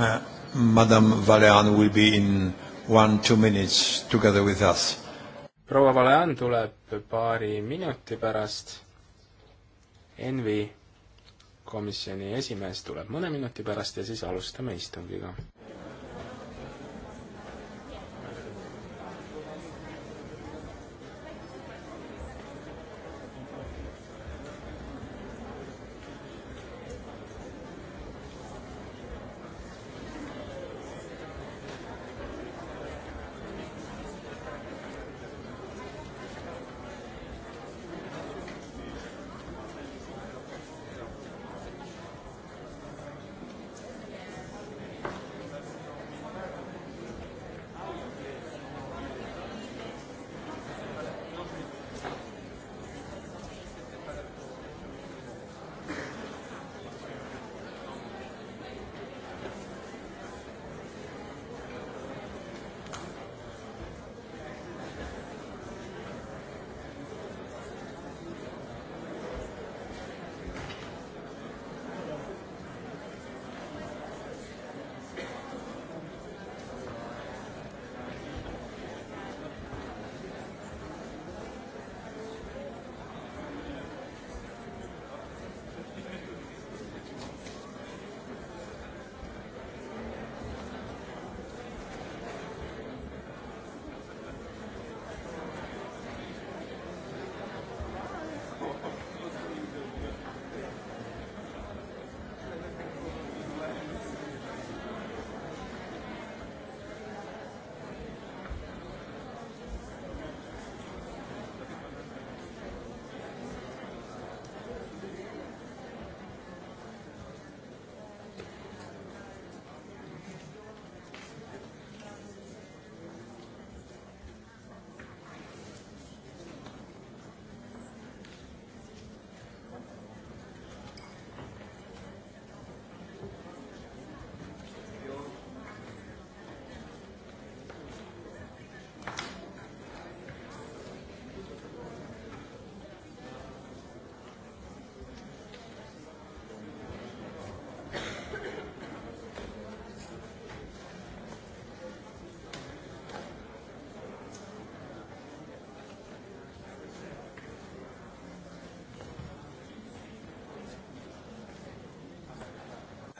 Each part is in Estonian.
uh, Madam Valean will be in one, two minutes together with us. proua Valean tuleb paari minuti pärast. Envi komisjoni esimees tuleb mõne minuti pärast ja siis alustame istungiga.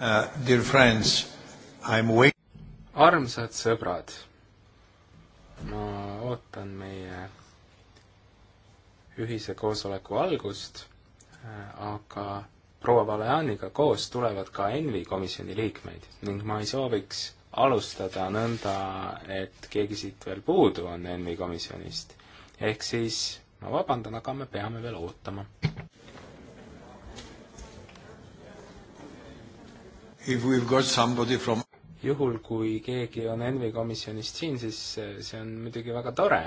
uh,. Dear friends, I am wait-. armsad sõbrad, ma ootan meie ühise koosoleku algust, uh, aga proua Valeaniga koos tulevad ka ENVI komisjoni liikmeid ning ma ei sooviks alustada nõnda, et keegi siit veel puudu on ENVI komisjonist. ehk siis ma vabandan, aga me peame veel ootama From... juhul, kui keegi on ENVI komisjonist siin, siis eh, see on muidugi väga tore.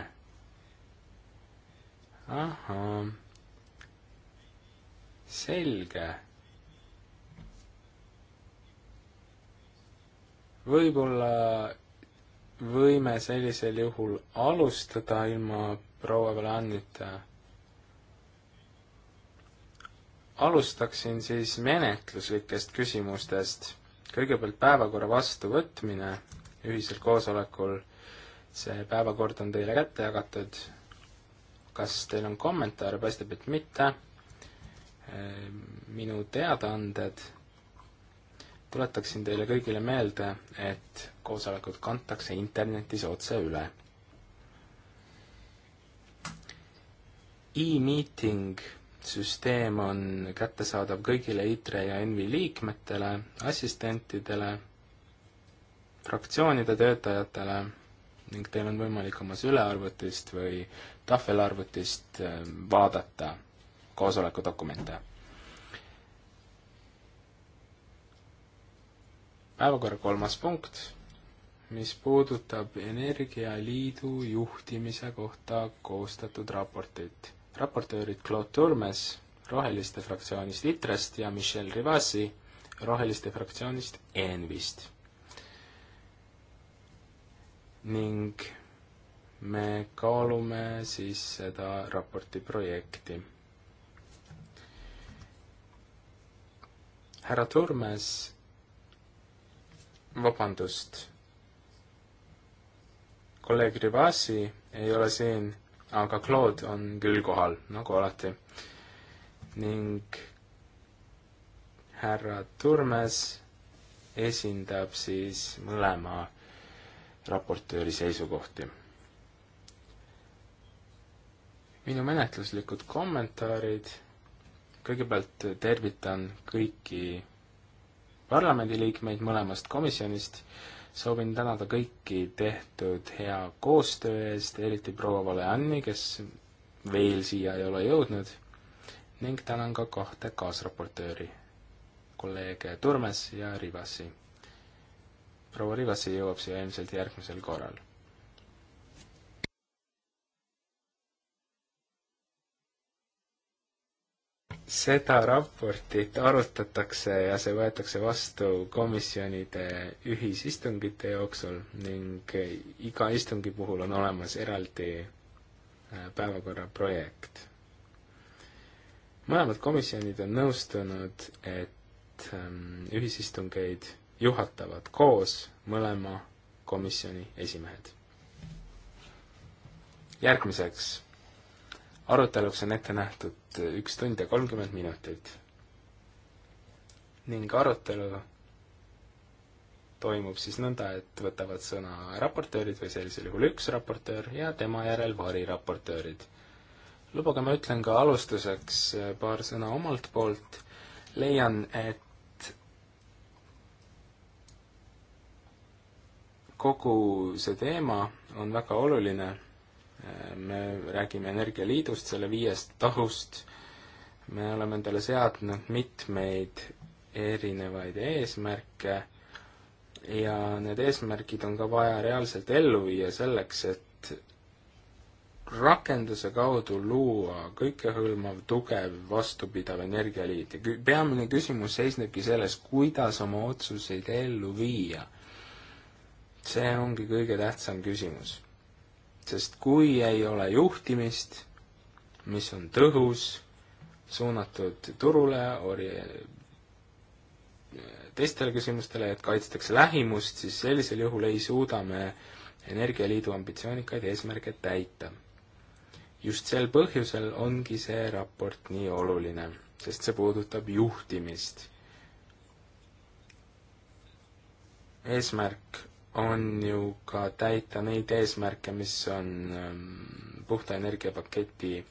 ahhaa, selge. võib-olla võime sellisel juhul alustada ilma proua Belanita alustaksin siis menetluslikest küsimustest. kõigepealt päevakorra vastuvõtmine ühisel koosolekul. see päevakord on teile kätte jagatud. kas teil on kommentaare, paistab, et mitte. Ehm, minu teadaanded. tuletaksin teile kõigile meelde, et koosolekud kantakse internetis otse üle. E-meeting süsteem on kättesaadav kõigile ITRE ja ENVI liikmetele, assistentidele, fraktsioonide töötajatele ning teil on võimalik oma sülearvutist või tahvelarvutist äh, vaadata koosoleku dokumente. päevakorra kolmas punkt, mis puudutab Energialiidu juhtimise kohta koostatud raportit raportöörid Claude Turmes Roheliste fraktsioonist ITRES-t ja Michel Rivasi Roheliste fraktsioonist ENVist. ning me kaalume siis seda raporti projekti. härra Turmes, vabandust, kolleeg Rivasi ei ole siin aga Claude on küll kohal, nagu alati. ning härra Turmes esindab siis mõlema raportööri seisukohti. minu menetluslikud kommentaarid, kõigepealt tervitan kõiki parlamendiliikmeid mõlemast komisjonist soovin tänada kõiki tehtud hea koostöö eest, eriti proua Valeanni, kes veel siia ei ole jõudnud, ning tänan ka kahte kaasraportööri, kolleege Turmes ja Rivasi. proua Rivasi jõuab siia ilmselt järgmisel korral seda raportit arutatakse ja see võetakse vastu komisjonide ühisistungite jooksul ning iga istungi puhul on olemas eraldi äh, päevakorra projekt. mõlemad komisjonid on nõustunud, et ähm, ühisistungeid juhatavad koos mõlema komisjoni esimehed. järgmiseks aruteluks on ette nähtud üks tund ja kolmkümmend minutit. ning arutelu toimub siis nõnda, et võtavad sõna raportöörid või sellisel juhul üks raportöör ja tema järel variraportöörid. lubage, ma ütlen ka alustuseks paar sõna omalt poolt, leian, et kogu see teema on väga oluline me räägime Energialiidust, selle viiest tahust, me oleme endale seadnud mitmeid erinevaid eesmärke ja need eesmärgid on ka vaja reaalselt ellu viia selleks, et rakenduse kaudu luua kõikehõlmav, tugev, vastupidav energialiit ja peamine küsimus seisnebki selles, kuidas oma otsuseid ellu viia. see ongi kõige tähtsam küsimus sest kui ei ole juhtimist, mis on tõhus, suunatud turule, ori-, teistele küsimustele, et kaitstakse lähimust, siis sellisel juhul ei suuda me Energialiidu ambitsioonikaid eesmärke täita. just sel põhjusel ongi see raport nii oluline, sest see puudutab juhtimist. eesmärk on ju ka täita neid eesmärke, mis on ähm, puhta energiapaketi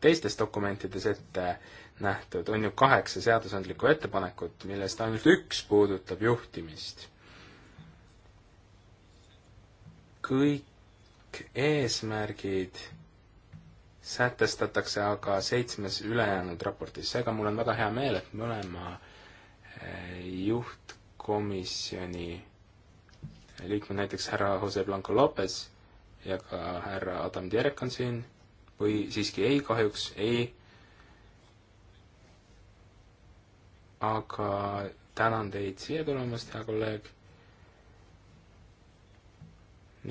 teistes dokumentides ette nähtud, on ju kaheksa seadusandlikku ettepanekut, millest ainult üks puudutab juhtimist. kõik eesmärgid sätestatakse aga seitsmes ülejäänud raportis, seega mul on väga hea meel, et mõlema äh, juhtkomisjoni liikmed, näiteks härra Jose Blanco Lopez ja ka härra Adam Dierek on siin, või siiski ei, kahjuks ei. aga tänan teid siia tulemast, hea kolleeg.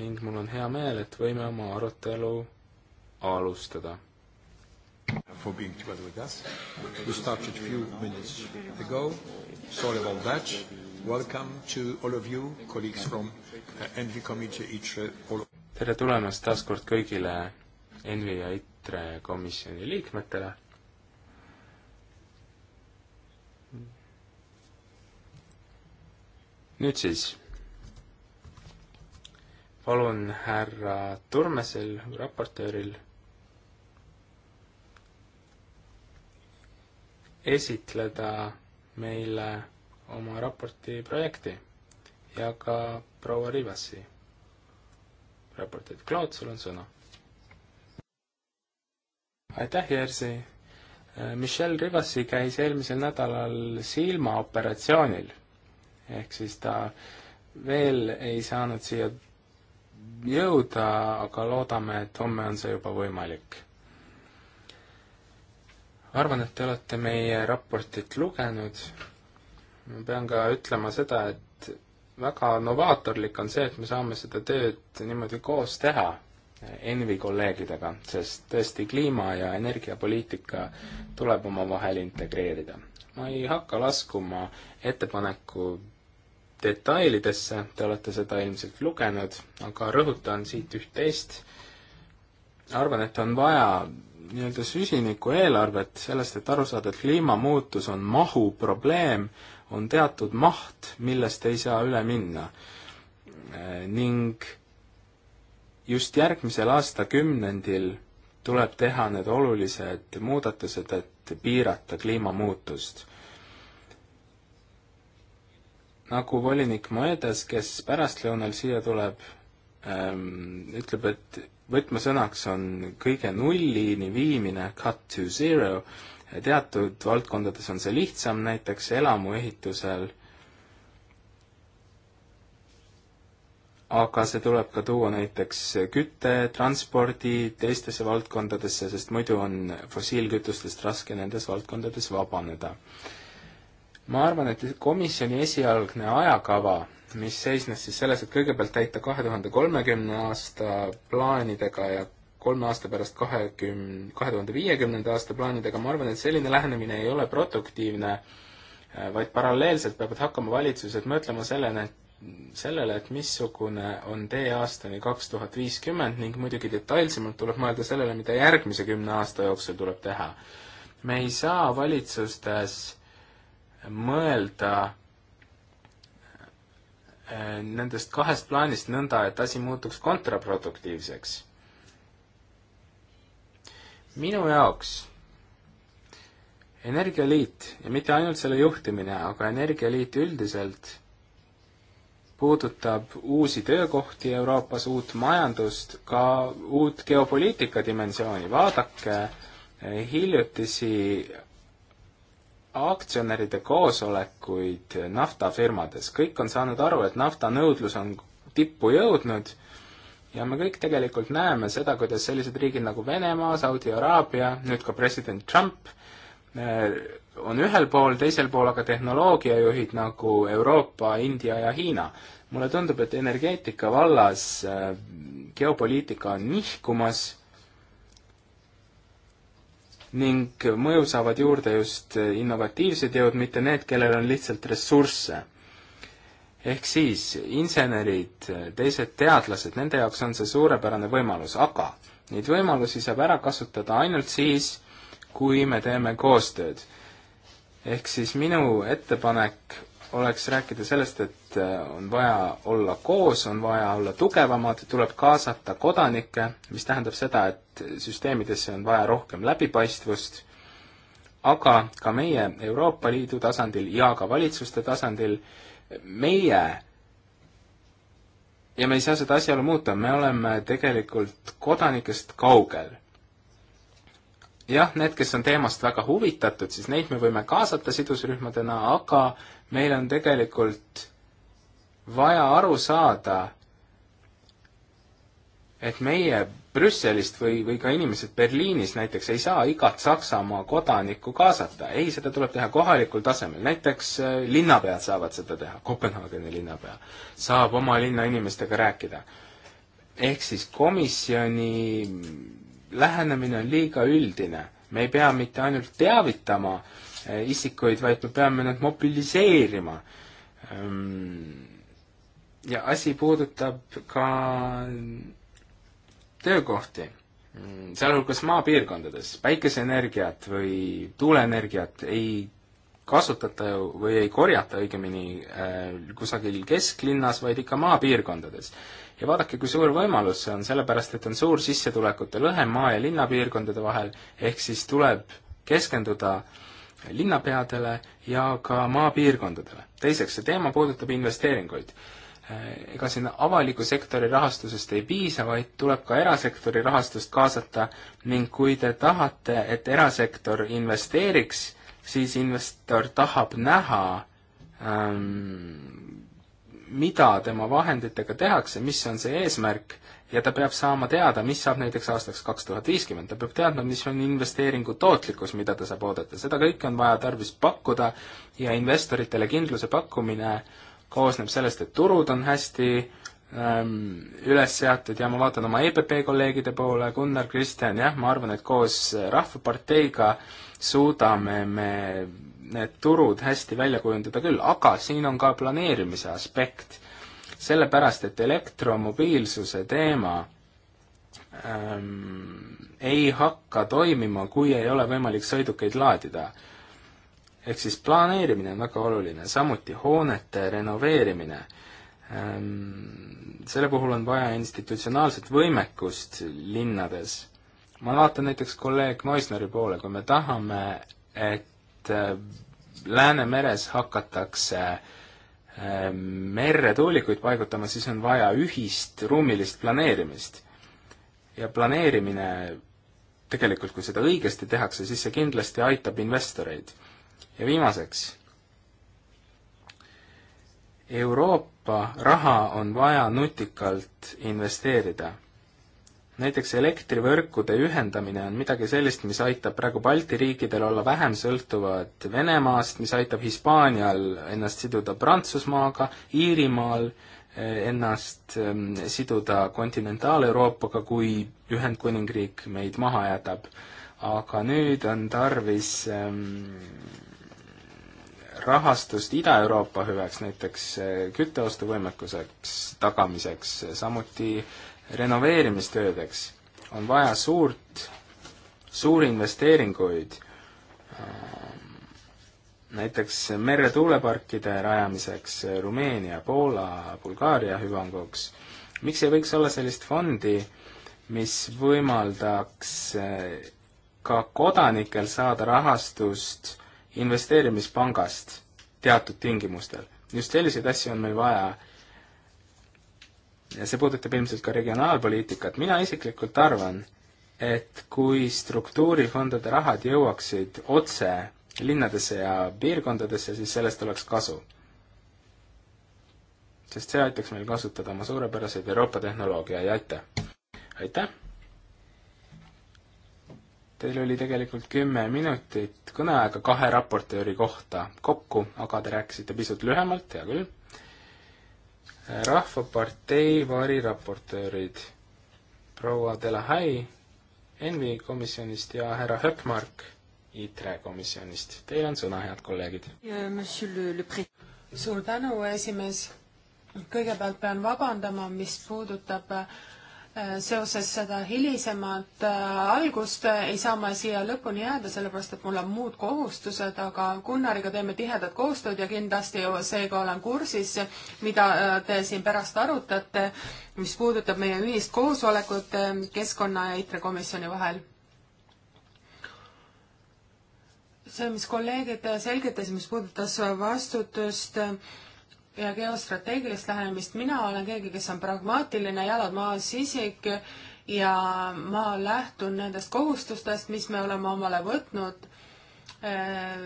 ning mul on hea meel, et võime oma arutelu alustada. For being together with us. We started a few minutes ago. Sorry about that. Welcome to all of you, colleagues from uh, Envi Committee, ITRE, all tere tulemast taas kord kõigile Envi ja ITRE komisjoni liikmetele. nüüd siis palun härra Turmesel, raportööril, esitleda meile oma raporti projekti ja ka proua Rivasi raportit. Claude, sul on sõna. aitäh, Jerzy! Äh, Michelle Rivasi käis eelmisel nädalal silmaoperatsioonil, ehk siis ta veel ei saanud siia jõuda, aga loodame, et homme on see juba võimalik. arvan, et te olete meie raportit lugenud ma pean ka ütlema seda, et väga novaatorlik on see, et me saame seda tööd niimoodi koos teha Envi kolleegidega, sest tõesti kliima- ja energiapoliitika tuleb omavahel integreerida. ma ei hakka laskuma ettepaneku detailidesse, te olete seda ilmselt lugenud, aga rõhutan siit üht-teist. arvan, et on vaja nii-öelda süsinikueelarvet sellest, et aru saada, et kliimamuutus on mahu probleem on teatud maht, millest ei saa üle minna. Eh, ning just järgmisel aastakümnendil tuleb teha need olulised muudatused, et piirata kliimamuutust. nagu volinik Moedas, kes pärastlõunal siia tuleb, ehm, ütleb, et võtmesõnaks on kõige nullini viimine, cut to zero, teatud valdkondades on see lihtsam, näiteks elamuehitusel, aga see tuleb ka tuua näiteks kütte, transpordi, teistesse valdkondadesse, sest muidu on fossiilkütustest raske nendes valdkondades vabaneda. ma arvan, et komisjoni esialgne ajakava, mis seisnes siis selles, et kõigepealt täita kahe tuhande kolmekümne aasta plaanidega ja kolme aasta pärast kahekümne, kahe tuhande viiekümnenda aasta plaanidega, ma arvan, et selline lähenemine ei ole produktiivne, äh, vaid paralleelselt peavad hakkama valitsused mõtlema sellele, sellele, et missugune on tee aastani kaks tuhat viiskümmend ning muidugi detailsemalt tuleb mõelda sellele, mida järgmise kümne aasta jooksul tuleb teha. me ei saa valitsustes mõelda äh, nendest kahest plaanist nõnda, et asi muutuks kontraproduktiivseks minu jaoks energialiit ja mitte ainult selle juhtimine, aga energialiit üldiselt puudutab uusi töökohti Euroopas, uut majandust, ka uut geopoliitika dimensiooni, vaadake eh, hiljutisi aktsionäride koosolekuid naftafirmades, kõik on saanud aru, et nafta nõudlus on tippu jõudnud ja me kõik tegelikult näeme seda, kuidas sellised riigid nagu Venemaa, Saudi Araabia, nüüd ka president Trump eh, on ühel pool, teisel pool aga tehnoloogiajuhid nagu Euroopa, India ja Hiina. mulle tundub, et energeetika vallas eh, geopoliitika on nihkumas ning mõju saavad juurde just eh, innovatiivsed jõud, mitte need, kellel on lihtsalt ressursse ehk siis insenerid, teised teadlased, nende jaoks on see suurepärane võimalus, aga neid võimalusi saab ära kasutada ainult siis, kui me teeme koostööd. ehk siis minu ettepanek oleks rääkida sellest, et äh, on vaja olla koos, on vaja olla tugevamad, tuleb kaasata kodanikke, mis tähendab seda, et süsteemidesse on vaja rohkem läbipaistvust, aga ka meie Euroopa Liidu tasandil ja ka valitsuste tasandil äh, meie ja me ei saa seda asjaolu muuta, me oleme tegelikult kodanikest kaugel. jah, need, kes on teemast väga huvitatud, siis neid me võime kaasata sidusrühmadena, aga meil on tegelikult vaja aru saada, et meie Brüsselist või, või ka inimesed Berliinis näiteks ei saa igat Saksamaa kodanikku kaasata, ei, seda tuleb teha kohalikul tasemel, näiteks äh, linnapead saavad seda teha, Kopenhaageni linnapea saab oma linna inimestega rääkida. ehk siis komisjoni lähenemine on liiga üldine, me ei pea mitte ainult teavitama äh, isikuid, vaid me peame nad mobiliseerima ja asi puudutab ka töökohti, sealhulgas maapiirkondades, päikeseenergiat või tuuleenergiat ei kasutata ju või ei korjata õigemini äh, kusagil kesklinnas, vaid ikka maapiirkondades. ja vaadake, kui suur võimalus see on, sellepärast et on suur sissetulekute lõhe maa- ja linnapiirkondade vahel, ehk siis tuleb keskenduda linnapeadele ja ka maapiirkondadele. teiseks, see teema puudutab investeeringuid Äh, ega siin avaliku sektori rahastusest ei piisa, vaid tuleb ka erasektori rahastust kaasata ning kui te tahate, et erasektor investeeriks, siis investor tahab näha ähm,, mida tema vahenditega tehakse, mis on see eesmärk, ja ta peab saama teada, mis saab näiteks aastaks kaks tuhat viiskümmend, ta peab teadma, mis on investeeringu tootlikkus, mida ta saab oodata, seda kõike on vaja tarvis pakkuda ja investoritele kindluse pakkumine äh, koosneb sellest, et turud on hästi ähm, üles seatud ja ma vaatan oma EPP kolleegide poole, Gunnar, Kristjan, jah, ma arvan, et koos Rahvaparteiga suudame me need turud hästi välja kujundada küll, aga siin on ka planeerimise aspekt. sellepärast, et elektromobiilsuse teema ähm, ei hakka toimima, kui ei ole võimalik sõidukeid laadida ehk siis planeerimine on väga oluline, samuti hoonete renoveerimine. Ehm, selle puhul on vaja institutsionaalset võimekust linnades. ma vaatan näiteks kolleeg Moisneri poole, kui me tahame, et äh, Läänemeres hakatakse äh, merre tuulikuid paigutama, siis on vaja ühist ruumilist planeerimist. ja planeerimine tegelikult, kui seda õigesti tehakse, siis see kindlasti aitab investoreid ja viimaseks, Euroopa raha on vaja nutikalt investeerida. näiteks elektrivõrkude ühendamine on midagi sellist, mis aitab praegu Balti riikidel olla vähem sõltuvad Venemaast, mis aitab Hispaanial ennast siduda Prantsusmaaga, Iirimaal eh, ennast ehm, siduda kontinentaal-Euroopaga, kui Ühendkuningriik meid maha jätab. aga nüüd on tarvis ähm, rahastust Ida-Euroopa hüveks, näiteks eh, kütteostuvõimekuseks tagamiseks, samuti renoveerimistöödeks, on vaja suurt, suuri investeeringuid, eh, näiteks meretuuleparkide rajamiseks eh, Rumeenia, Poola, Bulgaaria hüvanguks, miks ei võiks olla sellist fondi, mis võimaldaks ka kodanikel saada rahastust investeerimispangast teatud tingimustel. just selliseid asju on meil vaja. ja see puudutab ilmselt ka regionaalpoliitikat. mina isiklikult arvan, et kui struktuurifondade rahad jõuaksid otse linnadesse ja piirkondadesse, siis sellest oleks kasu. sest see aitaks meil kasutada oma suurepäraseid Euroopa tehnoloogiaid, aitäh! aitäh! Teil oli tegelikult kümme minutit kõneaega kahe raportööri kohta kokku, aga te rääkisite pisut lühemalt, hea küll. rahvapartei variraportöörid proua Delahai Envi komisjonist ja härra Höppmark ITRE komisjonist. Teil on sõna, head kolleegid. suur tänu, esimees. kõigepealt pean vabandama, mis puudutab äh, Äh, seoses seda hilisemat äh, algust äh, ei saa ma siia lõpuni jääda, sellepärast et mul on muud kohustused, aga Gunnariga teeme tihedat koostööd ja kindlasti seega olen kursis, mida te siin pärast arutate, mis puudutab meie ühist koosolekut Keskkonna ja ITRE komisjoni vahel. see, mis kolleegid selgitasid, mis puudutas vastutust äh, ja geostrateegilist lähenemist, mina olen keegi, kes on pragmaatiline, jalad maas isik ja ma lähtun nendest kohustustest, mis me oleme omale võtnud äh,,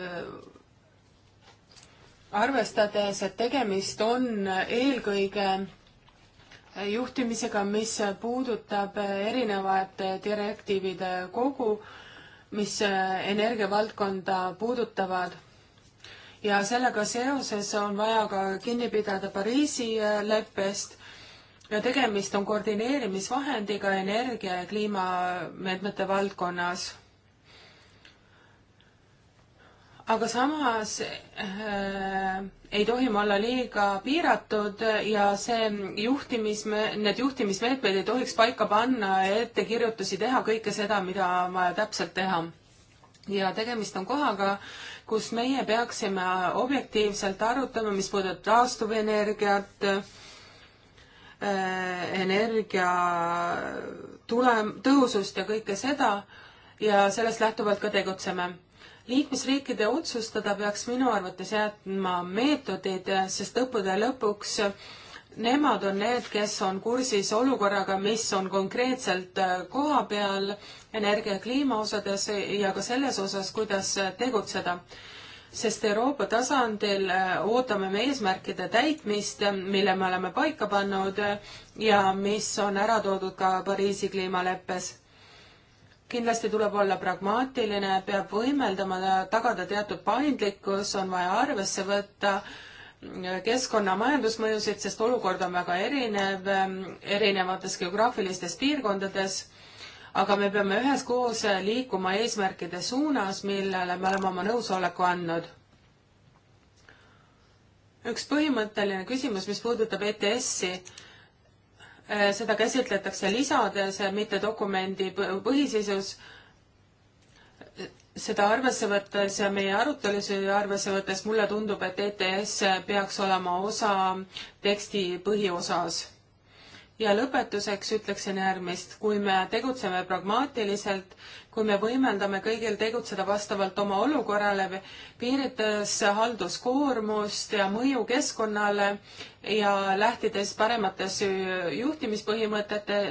arvestades, et tegemist on eelkõige juhtimisega, mis puudutab erinevate direktiivide kogu, mis energiavaldkonda puudutavad ja sellega seoses on vaja ka kinni pidada Pariisi äh, leppest ja tegemist on koordineerimisvahendiga energia ja kliimameetmete valdkonnas. aga samas äh, ei tohi me olla liiga piiratud ja see juhtimisme-, need juhtimismeetmed ei tohiks paika panna ettekirjutusi teha kõike seda, mida on vaja täpselt teha. ja tegemist on kohaga, kus meie peaksime objektiivselt arutama, mis puudutab taastuvenergiat, äh, energia tulem-, tõhusust ja kõike seda ja sellest lähtuvalt ka tegutseme. liikmesriikide otsustada peaks minu arvates jätma meetodid, sest õppude lõpuks nemad on need, kes on kursis olukorraga, mis on konkreetselt äh, koha peal energia ja kliima osades ja ka selles osas, kuidas tegutseda. sest Euroopa tasandil äh, ootame me eesmärkide täitmist, äh, mille me oleme paika pannud ja mis on ära toodud ka Pariisi kliimaleppes kindlasti tuleb olla pragmaatiline, peab võimeldama, tagada teatud paindlikkus, on vaja arvesse võtta äh, keskkonna majandusmõjusid, sest olukord on väga erinev erinevates geograafilistes piirkondades aga me peame üheskoos liikuma eesmärkide suunas, millele me oleme oma nõusoleku andnud. üks põhimõtteline küsimus, mis puudutab ETS-i, eh, seda käsitletakse lisades, mitte dokumendi põhiseisus seda arvesse võttes ja meie arutelusid arvesse võttes mulle tundub, et ETS peaks olema osa teksti põhiosas ja lõpetuseks ütleksin järgmist, kui me tegutseme pragmaatiliselt, kui me võimeldame kõigil tegutseda vastavalt oma olukorrale, piirides halduskoormust ja mõju keskkonnale ja lähtudes parematest juhtimispõhimõtete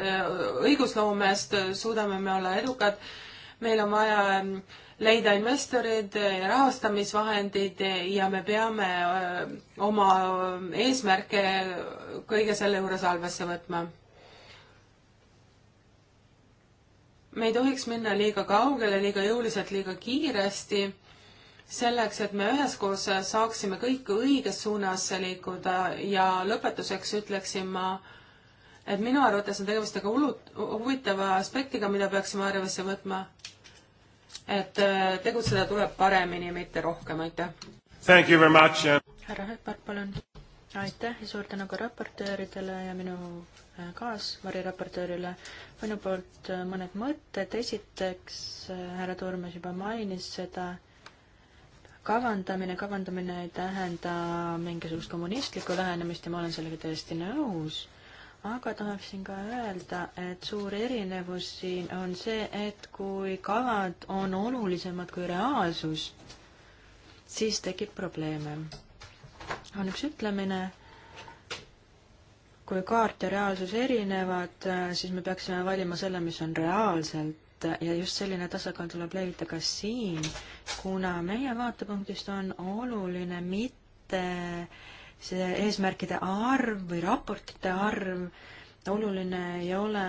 õigusloomest, suudame me olla edukad. meil on vaja leida investorid, rahastamisvahendid ja me peame oma eesmärke kõige selle juures arvesse võtma. me ei tohiks minna liiga kaugele, liiga jõuliselt, liiga kiiresti, selleks et me üheskoos saaksime kõik õiges suunas liikuda ja lõpetuseks ütleksin ma, et minu arvates on tegemist väga huvitava aspektiga, mida peaksime arvesse võtma et äh, tegutseda tuleb paremini, mitte rohkem, aitäh! Uh, härra Hepard, palun! aitäh ja suur tänu ka raportööridele ja minu äh, kaasvariraportöörile. minu poolt äh, mõned mõtted, esiteks härra Toormas juba mainis seda, kavandamine, kavandamine ei tähenda mingisugust kommunistlikku lähenemist ja ma olen sellega täiesti nõus aga tahaksin ka öelda, et suur erinevus siin on see, et kui kavad on olulisemad kui reaalsus, siis tekib probleeme. on üks ütlemine, kui kaart ja reaalsus erinevad, siis me peaksime valima selle, mis on reaalselt ja just selline tasakaal tuleb leida ka siin, kuna meie vaatepunktist on oluline mitte see eesmärkide arv või raportite arv, oluline ei ole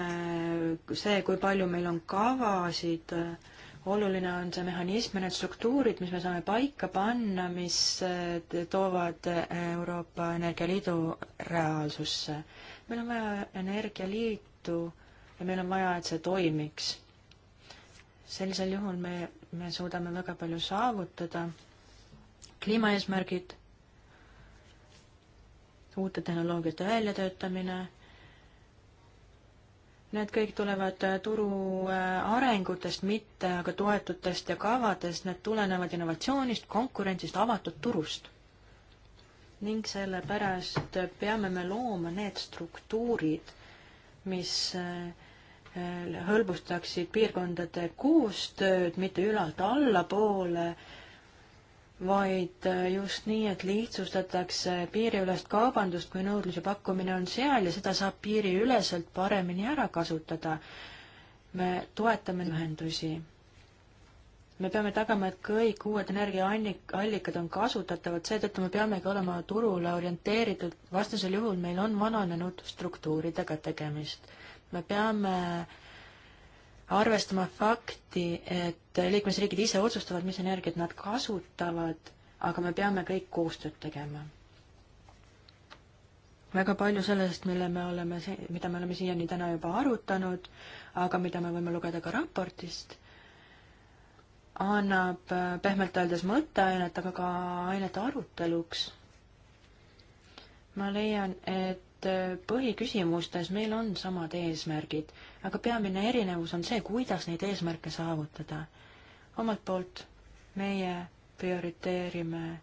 see, kui palju meil on kavasid, oluline on see mehhanism ja need struktuurid, mis me saame paika panna, mis eh, toovad eh, Euroopa Energialiidu reaalsusse. meil on vaja Energialiitu ja meil on vaja, et see toimiks. sellisel juhul me, me suudame väga palju saavutada. kliimaeesmärgid uute tehnoloogiate väljatöötamine, need kõik tulevad äh, turu äh, arengutest, mitte aga toetutest ja kavadest, need tulenevad innovatsioonist, konkurentsist, avatud turust. ning sellepärast peame me looma need struktuurid, mis äh, hõlbustaksid piirkondade koostööd, mitte ülalt allapoole, vaid äh, just nii, et lihtsustatakse piiriülest kaubandust, kui nõudluse pakkumine on seal ja seda saab piiriüleselt paremini ära kasutada. me toetame ühendusi. me peame tagama, et kõik uued energiaallikad on kasutatavad, seetõttu me peamegi olema turule orienteeritud, vastasel juhul meil on vananenud struktuuridega tegemist. me peame äh, arvestama fakti, et liikmesriigid ise otsustavad, mis energiat nad kasutavad, aga me peame kõik koostööd tegema. väga palju sellest, mille me oleme, mida me oleme siiani täna juba arutanud, aga mida me võime lugeda ka raportist, annab äh, pehmelt öeldes mõtteainet, aga ka ainete aruteluks. ma leian, et et äh, põhiküsimustes meil on samad eesmärgid, aga peamine erinevus on see, kuidas neid eesmärke saavutada. omalt poolt meie prioriteerime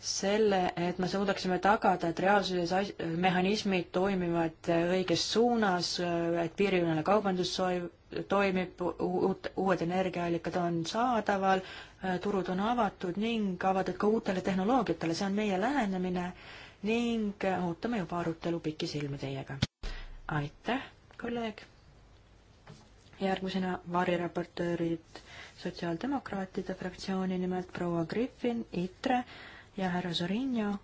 selle, et me suudaksime tagada, et reaalsuses mehhanismid toimivad äh, õiges suunas, äh, et piiriülene kaubandus toimib, uut, uued energiaallikad on saadaval, turud on avatud ning avatud ka uutele tehnoloogiatele, see on meie lähenemine ning ootame juba arutelu pikisilmi teiega. aitäh, kolleeg! järgmisena variraportöörid Sotsiaaldemokraatide fraktsiooni nimelt proua Griffin, Itre ja härra Sorinio.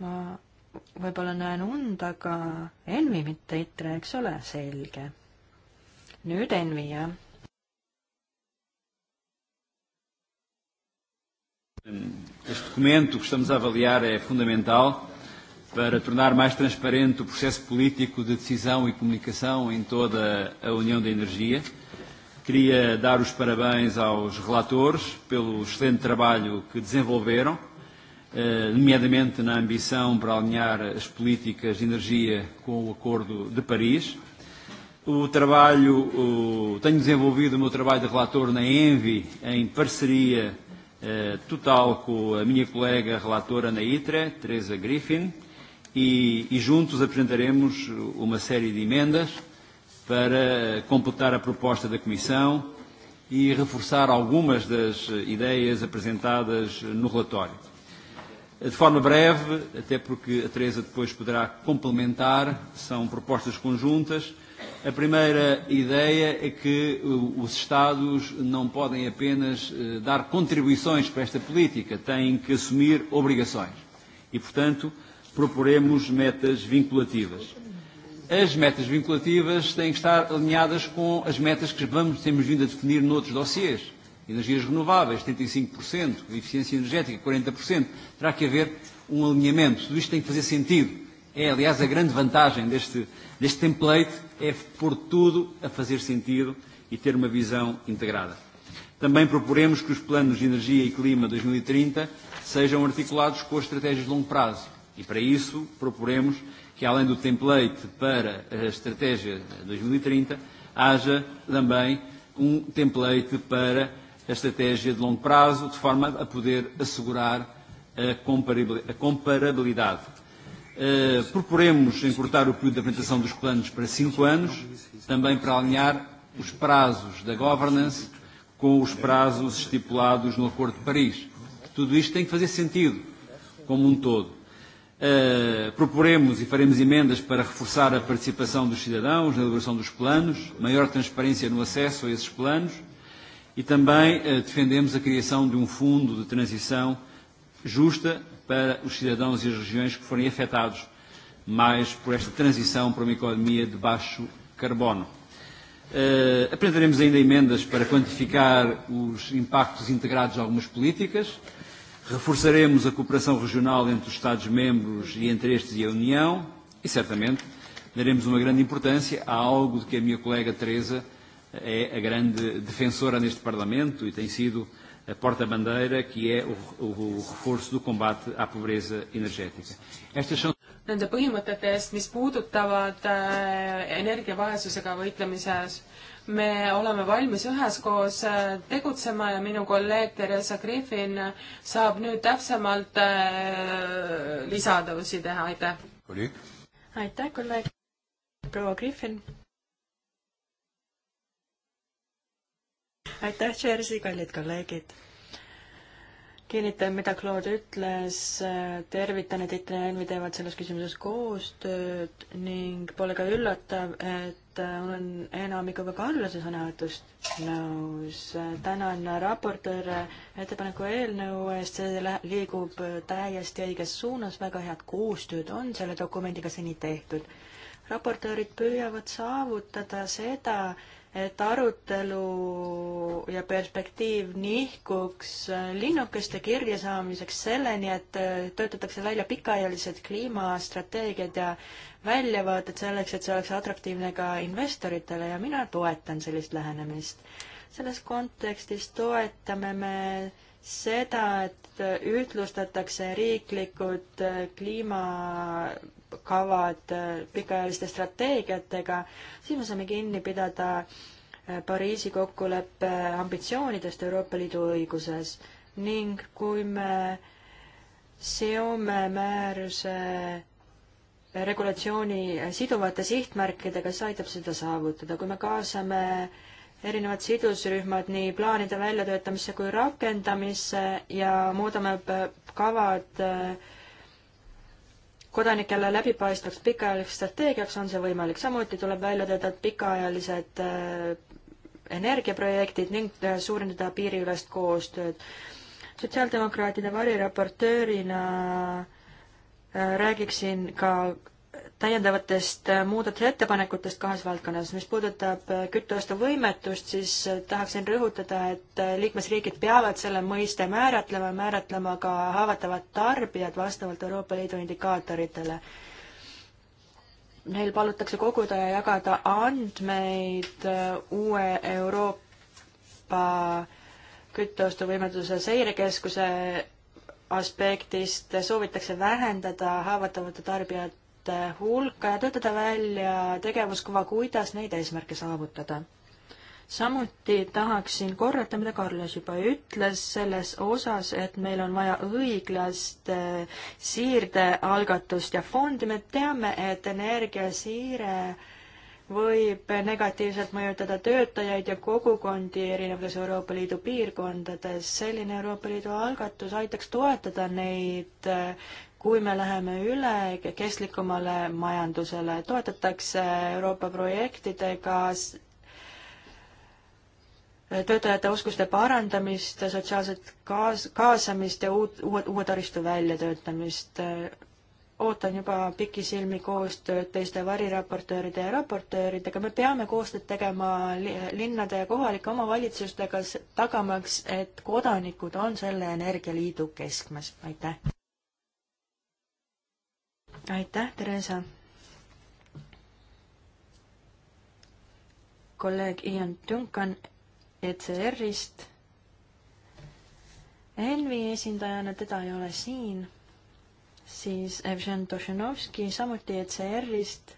ma võib-olla näen und, aga Envi, mitte Itre, eks ole, selge. nüüd Envi, jah Este documento que estamos a avaliar é fundamental para tornar mais transparente o processo político de decisão e comunicação em toda a União da Energia. Queria dar os parabéns aos relatores pelo excelente trabalho que desenvolveram, eh, nomeadamente na ambição para alinhar as políticas de energia com o Acordo de Paris. O trabalho, o, tenho desenvolvido o meu trabalho de relator na ENVI em parceria Eh, tu tal com a minha colega relatora na ITRE, Teresa Griffin, e, e juntos apresentaremos uma série de emendas para completar a proposta da Comissão e reforçar algumas das ideias apresentadas no relatório. De forma breve, até porque a Teresa depois poderá complementar, são propostas conjuntas, uh, A primeira ideia é que uh, os Estados não podem apenas uh, dar contribuições para esta política, têm que assumir obrigações. E, portanto, proporemos metas vinculativas. As metas vinculativas têm que estar alinhadas com as metas que vamos, temos vindo a definir noutros dossiers. Energias renováveis, 35%, e eficiência energética, 40%. Terá que haver um alinhamento. Tudo isto tem que fazer sentido. É, aliás, a grande vantagem deste, deste template é pôr tudo a fazer sentido e ter uma visão integrada. Também proporemos que os planos de energia e clima 2030 e sejam articulados com as estratégias de longo prazo e, para isso, proporemos que, além do template para a estratégia 2030, e haja também um template para a estratégia de longo prazo, de forma a poder assegurar a comparabilidade Uh, procuremos encurtar o período de apresentação dos planos para cinco anos, também para alinhar os prazos da governance com os prazos estipulados no Acordo de Paris. Tudo isto tem que fazer sentido, como um todo. Uh, proporemos e faremos emendas para reforçar a participação dos cidadãos na elaboração dos planos, maior transparência no acesso a esses planos e também uh, defendemos a criação de um fundo de transição uh, justa para os cidadãos e as regiões que forem afetados mais por esta transição para uma economia de baixo carbono. Uh, apresentaremos ainda emendas para quantificar os impactos integrados de algumas políticas, reforçaremos a cooperação regional entre os Estados-membros e entre estes e a União e, certamente, daremos uma grande importância a algo de que a minha colega Teresa eh, é a grande defensora neste Parlamento e tem sido uh, a porta-bandeira, que é o, o, o reforço do combate à pobreza energética. Estas são nende põhimõtete eest, mis puudutavad äh, energiavaesusega võitlemises. me oleme valmis üheskoos äh, tegutsema ja minu kolleeg Theresa Griffin saab nüüd täpsemalt äh, lisadusi teha, aitäh! aitäh, kolleeg proua Griffin! aitäh, Jersey, kallid kolleegid! kinnitan, mida Claude ütles, tervitan, et Itten ja Envi teevad selles küsimuses koostööd ning pole ka üllatav, et olen enamikuga Karlose sõnavõtust nõus. tänan raportööre ettepaneku eelnõu eest, see liigub täiesti õiges suunas, väga head koostööd on selle dokumendiga seni tehtud. raportöörid püüavad saavutada seda, et arutelu ja perspektiiv nihkuks linnukeste kirja saamiseks selleni, et äh, töötatakse välja pikaajalised kliimastrateegiad ja väljavaated selleks, et see oleks atraktiivne ka investoritele ja mina toetan sellist lähenemist. selles kontekstis toetame me seda, et äh, ühtlustatakse riiklikud äh, kliima kavad äh, pikaajaliste strateegiatega, siis me saame kinni pidada äh, Pariisi kokkuleppe ambitsioonidest Euroopa Liidu õiguses ning kui me seome määruse äh, regulatsiooni siduvate sihtmärkidega, siis aitab seda saavutada, kui me kaasame erinevad sidusrühmad nii plaanide väljatöötamisse kui rakendamisse ja muudame kavad äh, kodanikele läbipaistvaks pikaajaliseks strateegiaks on see võimalik, samuti tuleb välja töötada pikaajalised äh, energiaprojektid ning äh, suurendada piiriülest koostööd. sotsiaaldemokraatide variraportöörina äh, räägiksin ka täiendavatest äh, muudatusettepanekutest kahes valdkonnas. mis puudutab äh, kütteostuvõimetust, siis äh, tahaksin rõhutada, et liikmesriigid peavad selle mõiste määratlema, määratlema ka haavatavad tarbijad vastavalt Euroopa Liidu indikaatoritele. Neil palutakse koguda ja jagada andmeid uue Euroopa kütteostuvõimetuse seirekeskuse aspektist soovitakse vähendada haavatavate tarbijate eesmärkide hulka ja töötada välja tegevuskava, kuidas neid eesmärke saavutada. samuti tahaksin korrata, mida Carlos juba ütles selles osas, et meil on vaja õiglast eh, siirdealgatust ja fondi, me teame, et energiasiire võib negatiivselt mõjutada töötajaid ja kogukondi erinevates Euroopa Liidu piirkondades. selline Euroopa Liidu algatus aitaks toetada neid eh, kui me läheme üle kestlikumale majandusele, toetatakse Euroopa projektidega töötajate oskuste parandamist, sotsiaalset kaas-, kaasamist ja uut, uue, uue taristu väljatöötamist. ootan juba pikisilmi koostööd teiste variraportööride ja raportööridega, me peame koostööd tegema linnade ja kohalike omavalitsustega, tagamaks, et kodanikud on selle energialiidu keskmes, aitäh! aitäh, Theresa. kolleeg Ian Duncan ECR-ist. Envi esindajana teda ei ole siin, siis Evžen Tošenovski samuti ECR-ist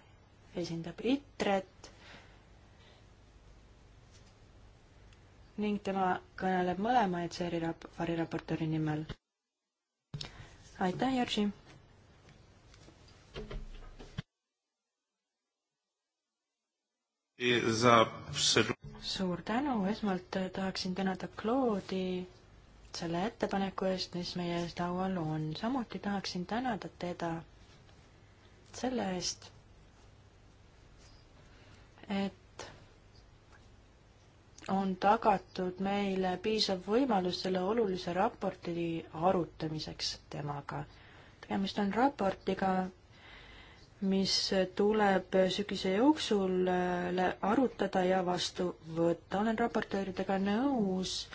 esindab ITRE-t e ning tema kõneleb mõlema ECR-i rap-, variraportööri nimel. aitäh, Jüri! suur tänu, esmalt eh, tahaksin tänada Claude'i selle ettepaneku eest, mis meie ees laual on. samuti tahaksin tänada teda selle eest, et on tagatud meile piisav võimalus selle olulise raporti arutamiseks temaga. tegemist on raportiga, mis tuleb sügise jooksul äh, arutada ja vastu võtta. olen raportööridega nõus.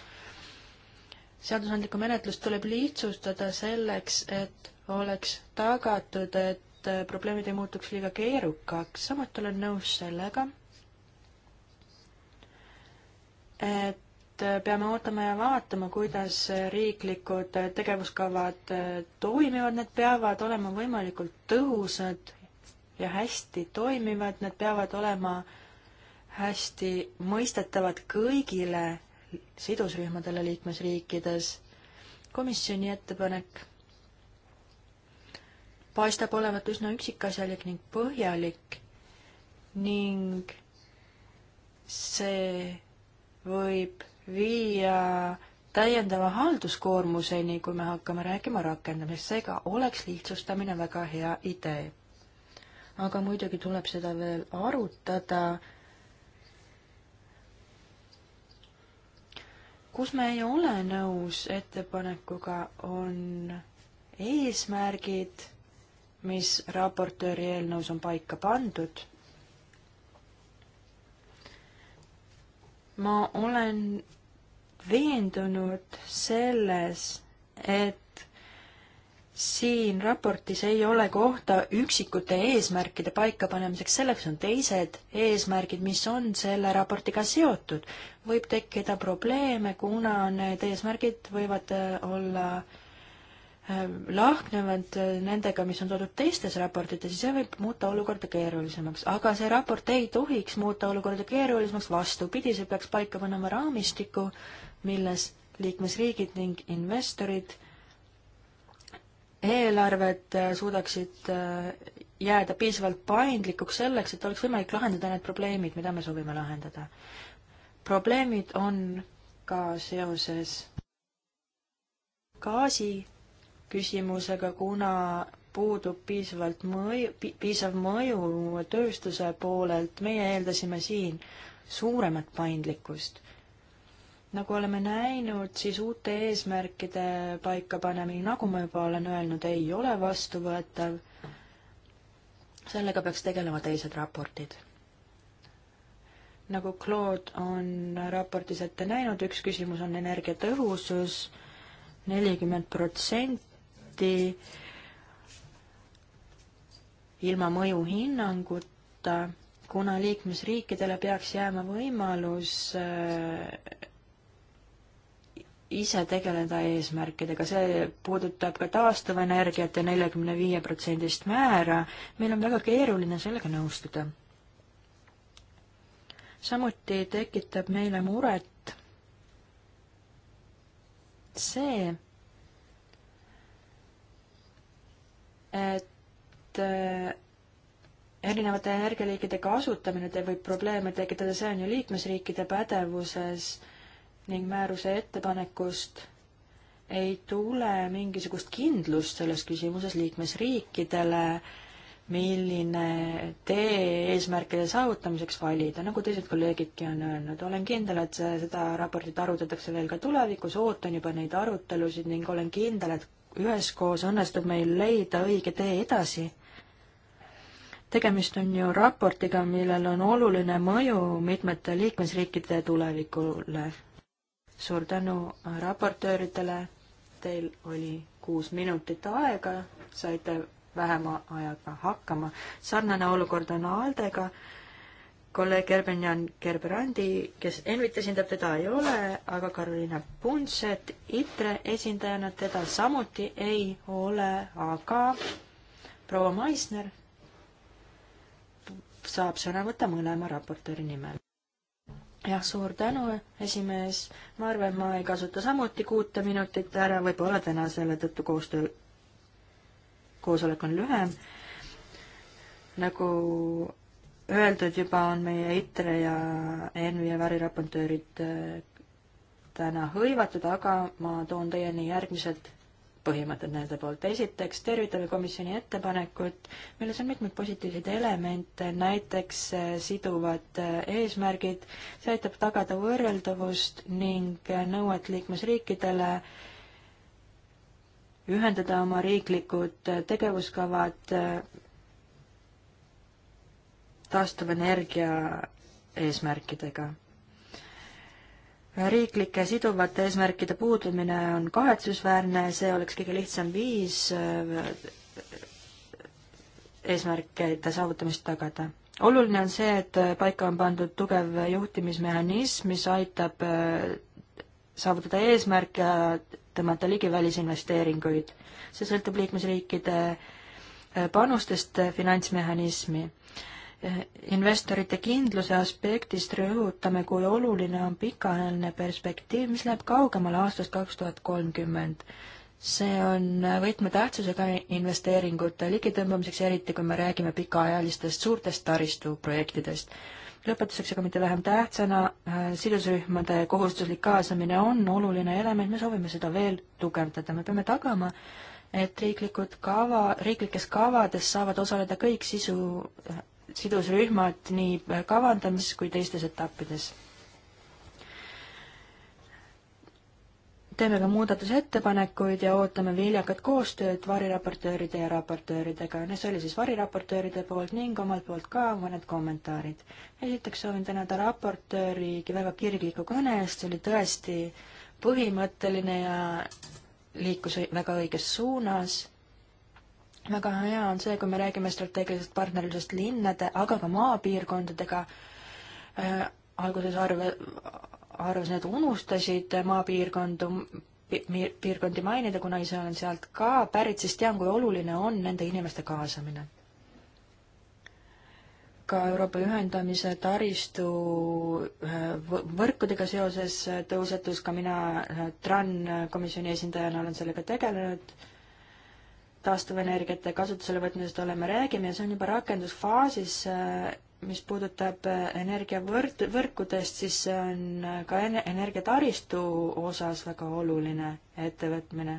seadusandlikku menetlust tuleb lihtsustada selleks, et oleks tagatud, et äh, probleemid ei muutuks liiga keerukaks. samuti olen nõus sellega, et äh, peame ootama ja vaatama, kuidas riiklikud tegevuskavad toimivad, need peavad olema võimalikult tõhusad ja hästi toimivad, nad peavad olema hästi mõistetavad kõigile sidusrühmadele liikmesriikides. komisjoni ettepanek paistab olevat üsna üksikasjalik ning põhjalik ning see võib viia täiendava halduskoormuseni, kui me hakkame rääkima rakendamisest, seega oleks lihtsustamine väga hea idee aga muidugi tuleb seda veel arutada. kus me ei ole nõus ettepanekuga, on eesmärgid, mis raportööri eelnõus on paika pandud. ma olen veendunud selles, et siin raportis ei ole kohta üksikute eesmärkide paikapanemiseks, selleks on teised eesmärgid, mis on selle raportiga seotud. võib tekkida probleeme, kuna need eesmärgid võivad äh, olla äh, lahknevad äh, nendega, mis on toodud teistes raportites ja see võib muuta olukorda keerulisemaks. aga see raport ei tohiks muuta olukorda keerulisemaks, vastupidi, see peaks paika panema raamistiku, milles liikmesriigid ning investorid eelarved äh, suudaksid äh, jääda piisavalt paindlikuks selleks, et oleks võimalik lahendada need probleemid, mida me soovime lahendada. probleemid on ka seoses gaasi küsimusega, kuna puudub piisavalt mõju, piisav mõju tööstuse poolelt, meie eeldasime siin suuremat paindlikkust nagu oleme näinud, siis uute eesmärkide paikapanemine, nagu ma juba olen öelnud, ei ole vastuvõetav. sellega peaks tegelema teised raportid. nagu Claude on raportis ette näinud, üks küsimus on energiatõhusus, nelikümmend protsenti ilma mõjuhinnanguta kuna liikmesriikidele peaks jääma võimalus äh, ise tegeleda eesmärkidega, see puudutab ka taastuvenergiat ja neljakümne viie protsendist määra, meil on väga keeruline sellega nõustuda. samuti tekitab meile muret see, et äh, erinevate energialiikide kasutamine võib probleeme tekitada, see on ju liikmesriikide pädevuses ning määruse ettepanekust ei tule mingisugust kindlust selles küsimuses liikmesriikidele, milline tee eesmärkide saavutamiseks valida, nagu teised kolleegidki on öelnud. olen kindel, et see, seda raportit arutatakse veel ka tulevikus, ootan juba neid arutelusid ning olen kindel, et üheskoos õnnestub meil leida õige tee edasi. tegemist on ju raportiga, millel on oluline mõju mitmete liikmesriikide tulevikule suur tänu raportööridele, teil oli kuus minutit aega, saite vähema ajaga hakkama. sarnane olukord on Aaldega, kolleeg Erbenjan Gerberandi, kes Envit esindab, teda ei ole, aga Karoliina Puntset ITRE esindajana teda samuti ei ole, aga proua Maisner saab sõna võtta mõlema raportööri nimel jah, suur tänu, esimees. ma arvan, et ma ei kasuta samuti kuute minutit ära, võib-olla täna selle tõttu koostöö, koosolek on lühem. nagu öeldud juba, on meie ITRE ja ENVI ja variraportöörid äh, täna hõivatud, aga ma toon teieni järgmised põhimõtted nende poolt. esiteks tervitame komisjoni ettepanekut, milles on mitmeid positiivseid elemente, näiteks äh, siduvad äh, eesmärgid, see aitab tagada võrreldavust ning äh, nõuet liikmesriikidele ühendada oma riiklikud tegevuskavad taastuvenergia eesmärkidega riiklike siduvate eesmärkide puudumine on kahetsusväärne, see oleks kõige lihtsam viis äh, eesmärkide saavutamist tagada. oluline on see, et paika on pandud tugev juhtimismehhanism, mis aitab äh, saavutada eesmärke ja tõmmata ligi välisinvesteeringuid. see sõltub liikmesriikide äh, panustest finantsmehhanismi investorite kindluse aspektist rõhutame, kui oluline on pikaajaline perspektiiv, mis läheb kaugemale aastast kaks tuhat kolmkümmend. see on võtmetähtsusega investeeringute ligitõmbamiseks, eriti kui me räägime pikaajalistest suurtest taristuprojektidest. lõpetuseks, aga mitte vähem tähtsana, äh, sidusrühmade kohustuslik kaasamine on oluline element, me soovime seda veel tugevdada, me peame tagama, et riiklikud kava, riiklikes kavades saavad osaleda kõik sisu äh, sidusrühmad nii kavandamis kui teistes etappides. teeme ka muudatusettepanekuid ja ootame viljakat koostööd variraportööride ja raportööridega. see oli siis variraportööride poolt ning omalt poolt ka mõned kommentaarid. esiteks soovin tänada raportööri väga kirgliku kõne eest, see oli tõesti põhimõtteline ja liikus väga õiges suunas väga hea on see, kui me räägime strateegilisest partnerlusest linnade, aga ka maapiirkondadega äh,. alguses arve, arvasin, et unustasid maapiirkondu pi,, piirkondi mainida, kuna ise olen sealt ka pärit, siis tean, kui oluline on nende inimeste kaasamine. ka Euroopa ühendamise taristu äh, võrkudega seoses tõusetus ka mina äh, TRAN komisjoni esindajana olen sellega tegelenud taastuvenergiate kasutusele võtmisest oleme, räägime ja see on juba rakendusfaasis, äh, mis puudutab äh, energiavõrk, võrkudest, siis see on äh, ka energiataristu osas väga oluline ettevõtmine.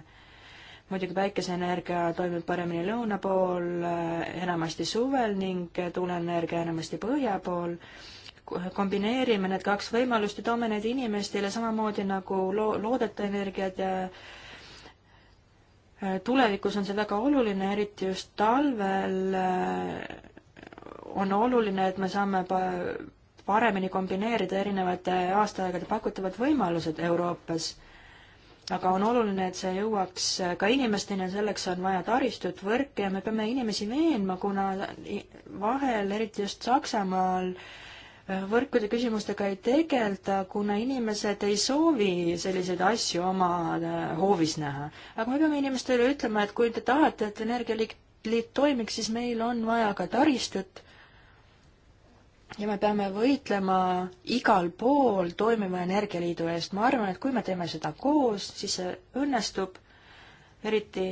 muidugi päikeseenergia toimib paremini lõuna pool, enamasti suvel ning tuuleenergia enamasti põhja pool kombineerime need kaks võimalust ja toome need inimestele samamoodi nagu lo-, loodete energiat ja tulevikus on see väga oluline, eriti just talvel äh, on oluline, et me saame paremini kombineerida erinevate aastaaegade pakutavad võimalused Euroopas. aga on oluline, et see jõuaks äh, ka inimesteni ja selleks on vaja taristut, võrke ja me peame inimesi veenma, kuna vahel, eriti just Saksamaal, äh, võrkude küsimustega ei tegelda, kuna inimesed ei soovi selliseid asju oma äh, hoovis näha. aga me peame inimestele ütlema, et kui te tahate, et energialiit toimiks, siis meil on vaja ka taristut ja me peame võitlema igal pool toimiva energialiidu eest. ma arvan, et kui me teeme seda koos, siis see õnnestub, eriti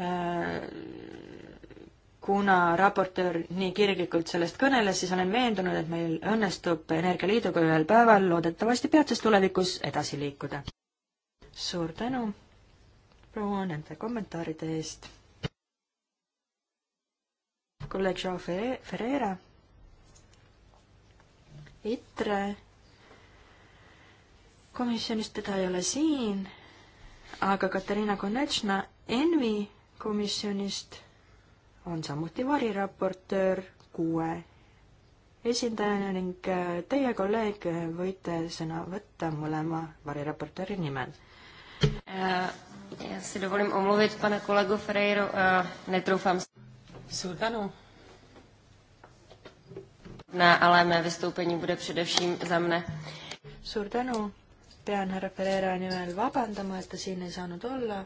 äh, kuna raportöör nii kirglikult sellest kõneles, siis olen veendunud, et meil õnnestub Energialiiduga ühel päeval loodetavasti peatses tulevikus edasi liikuda. suur tänu, proua, nende kommentaaride eest. kolleeg Joao Ferreira. ITRE komisjonist teda ei ole siin, aga Katariina Konechna ENVI komisjonist on samuti variraportöör kuue esindajana ning äh, teie kolleeg äh, võite sõna võtta mõlema variraportööri nimel. Äh, suur tänu. ale mé vystoupení bude především za mne. Suur tänu, pean härra Pereira nimel vabandama, et ta siin ei saanud olla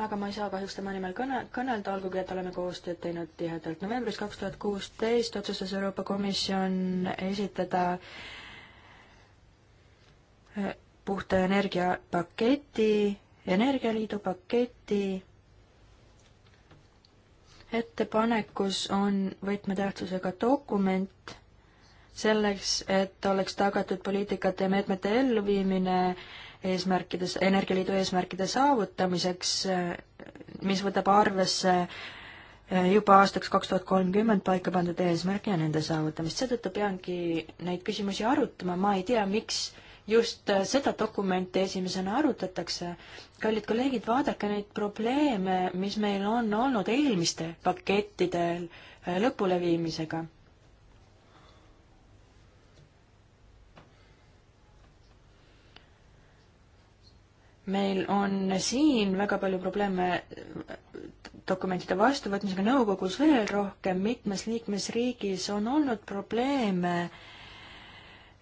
aga ma ei saa kahjuks tema nimel kõne, kõnelda, olgugi et oleme koostööd teinud tihedalt. novembris kaks tuhat kuusteist otsustas Euroopa Komisjon esitada eh, puhta energia paketi, energialiidu paketi. ettepanekus on võtmetähtsusega dokument selleks, et oleks tagatud poliitikate ja meetmete elluviimine eesmärkides, Energialiidu eesmärkide saavutamiseks, mis võtab arvesse eh, juba aastaks kaks tuhat kolmkümmend paika pandud eesmärke ja nende saavutamist, seetõttu peangi neid küsimusi arutama, ma ei tea, miks just eh, seda dokumenti esimesena arutatakse. kallid kolleegid, vaadake neid probleeme, mis meil on olnud eelmiste pakettide eh, lõpuleviimisega meil on siin väga palju probleeme dokumentide vastuvõtmisega nõukogus veel rohkem, mitmes liikmesriigis on olnud probleeme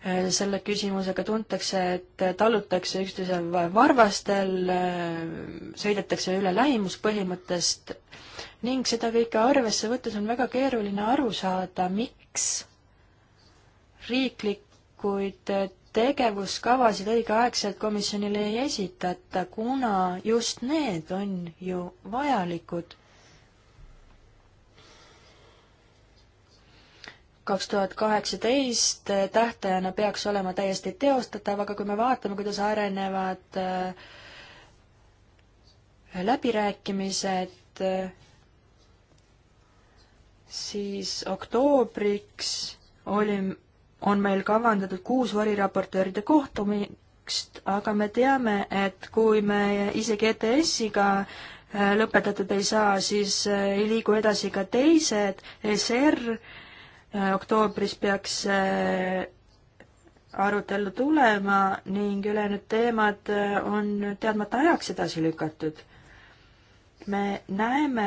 äh, selle küsimusega, tuntakse, et talutakse üksteise varvastel, äh, sõidetakse üle lähimuspõhimõttest ning seda kõike arvesse võttes on väga keeruline aru saada, miks riiklikuid tegevuskavasid õigeaegselt komisjonile ei esitata, kuna just need on ju vajalikud. kaks tuhat kaheksateist tähtajana peaks olema täiesti teostatav, aga kui me vaatame, kuidas arenevad äh, läbirääkimised, äh, siis oktoobriks oli on meil kavandatud kuus variraportööride kohtumist, aga me teame, et kui me isegi ETS-iga äh, lõpetatud ei saa, siis äh, ei liigu edasi ka teised, e SR äh, oktoobris peaks arutellu tulema ning ülejäänud teemad on teadmata ajaks edasi lükatud. me näeme,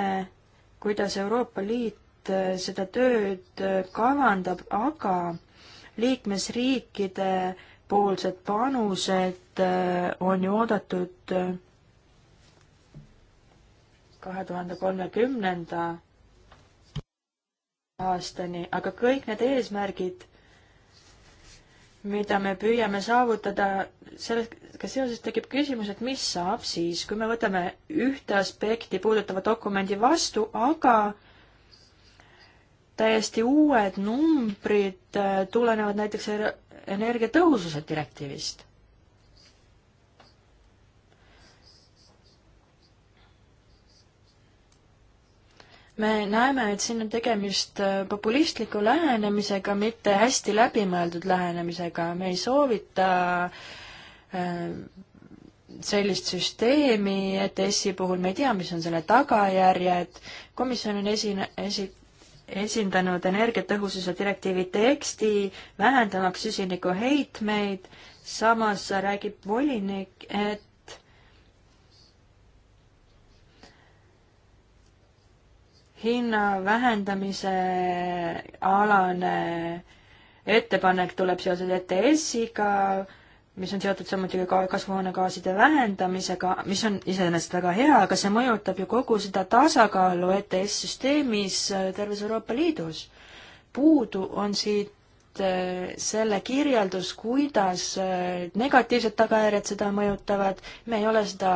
kuidas Euroopa Liit seda tööd kavandab, aga liikmesriikide poolsed panused äh, on ju oodatud äh, kahe tuhande kolmekümnenda aastani, aga kõik need eesmärgid, mida me püüame saavutada, sellega seoses tekib küsimus, et mis saab siis, kui me võtame ühte aspekti puudutava dokumendi vastu, aga äh, täiesti uued numbrid äh, tulenevad näiteks er-, energiatõhususe direktiivist. me näeme, et siin on tegemist äh, populistliku lähenemisega, mitte hästi läbimõeldud lähenemisega, me ei soovita äh, sellist süsteemi, et ESI puhul me ei tea, mis on selle tagajärjed, komisjon on esine, esi-, esindanud energiatõhususe direktiivi teksti, vähendamaks süsinikuheitmeid, samas räägib volinik, et hinna vähendamise alane ettepanek tuleb seoses ETS-iga, mis on seotud samuti ka kasvuhoonegaaside vähendamisega, mis on iseenesest väga hea, aga see mõjutab ju kogu seda tasakaalu ETS-süsteemis äh, terves Euroopa Liidus. puudu on siit äh, selle kirjeldus, kuidas äh, negatiivsed tagajärjed seda mõjutavad, me ei ole seda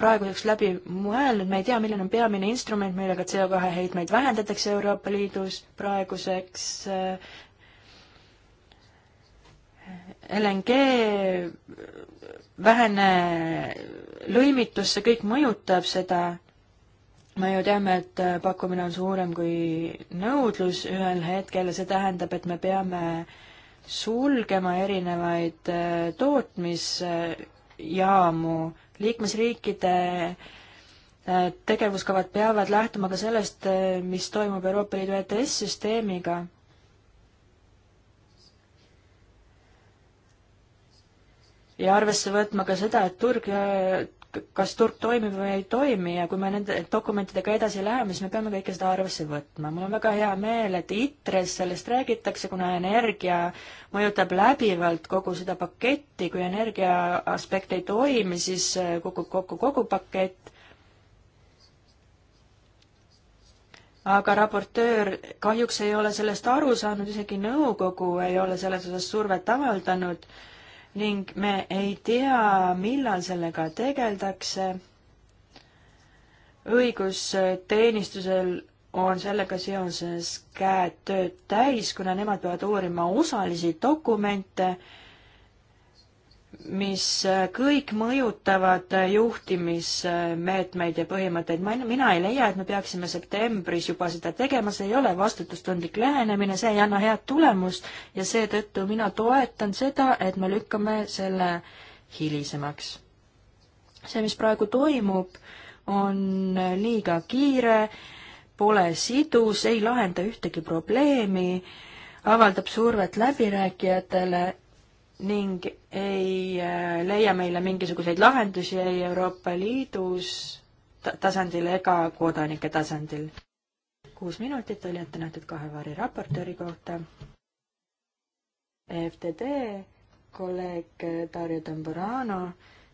praeguseks läbi mõelnud, me ei tea, milline on peamine instrument, millega CO2 heitmeid vähendatakse Euroopa Liidus praeguseks, LNG vähene lõimitus, see kõik mõjutab seda. me ju teame, et pakkumine on suurem kui nõudlus ühel hetkel ja see tähendab, et me peame sulgema erinevaid äh, tootmisjaamu. liikmesriikide äh, tegevuskavad peavad lähtuma ka sellest, äh, mis toimub Euroopa Liidu ETS-süsteemiga ja arvesse võtma ka seda, et turg, kas turg toimib või ei toimi ja kui me nende dokumentidega edasi läheme, siis me peame kõike seda arvesse võtma. mul on väga hea meel, et ITRE-s sellest räägitakse, kuna energia mõjutab läbivalt kogu seda paketti, kui energia aspekt ei toimi, siis äh, kukub kokku kogu pakett aga raportöör kahjuks ei ole sellest aru saanud, isegi nõukogu ei ole selles osas survet avaldanud ning me ei tea, millal sellega tegeldakse. õigusteenistusel on sellega seoses käed tööd täis, kuna nemad peavad uurima osalisi dokumente mis äh, kõik mõjutavad äh, juhtimismeetmeid ja põhimõtteid. ma, mina ei leia, et me peaksime septembris juba seda tegema, see ei ole vastutustundlik lähenemine, see ei anna head tulemust ja seetõttu mina toetan seda, et me lükkame selle hilisemaks. see, mis praegu toimub, on äh, liiga kiire, pole sidus, ei lahenda ühtegi probleemi, avaldab survet läbirääkijatele ning ei äh, leia meile mingisuguseid lahendusi ei Euroopa Liidus tasandil ega kodanike tasandil. kuus minutit oli ette nähtud kahe variraportööri kohta. EFTD kolleeg Darja Tamburano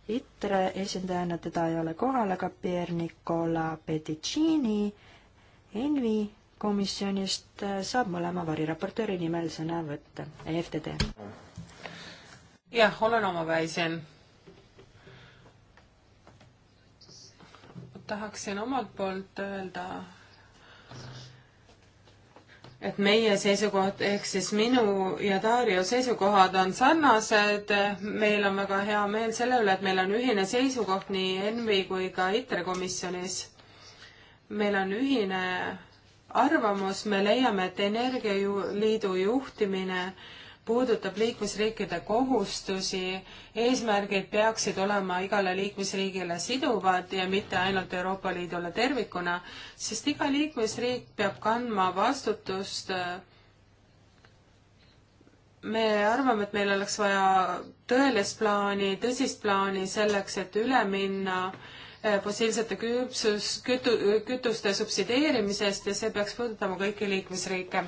ITRE esindajana teda ei ole kohal, aga Pier Nicola Pedicini ENVI komisjonist äh, saab mõlema variraportööri nimel sõna võtta. EFTD jah, olen omaväisen. tahaksin omalt poolt öelda, et meie seisukoht ehk siis minu ja Dario seisukohad on sarnased. meil on väga hea meel selle üle, et meil on ühine seisukoht nii ENVI kui ka ITRE komisjonis. meil on ühine arvamus, me leiame, et Energialiidu juhtimine äh, puudutab liikmesriikide kohustusi, eesmärgid peaksid olema igale liikmesriigile siduvad ja mitte ainult Euroopa Liidule tervikuna, sest iga liikmesriik peab kandma vastutust. me arvame, et meil oleks vaja tõelist plaani, tõsist plaani selleks, et üle minna eh, fossiilsete küpsus, kütu-, kütuste subsideerimisest ja see peaks puudutama kõiki liikmesriike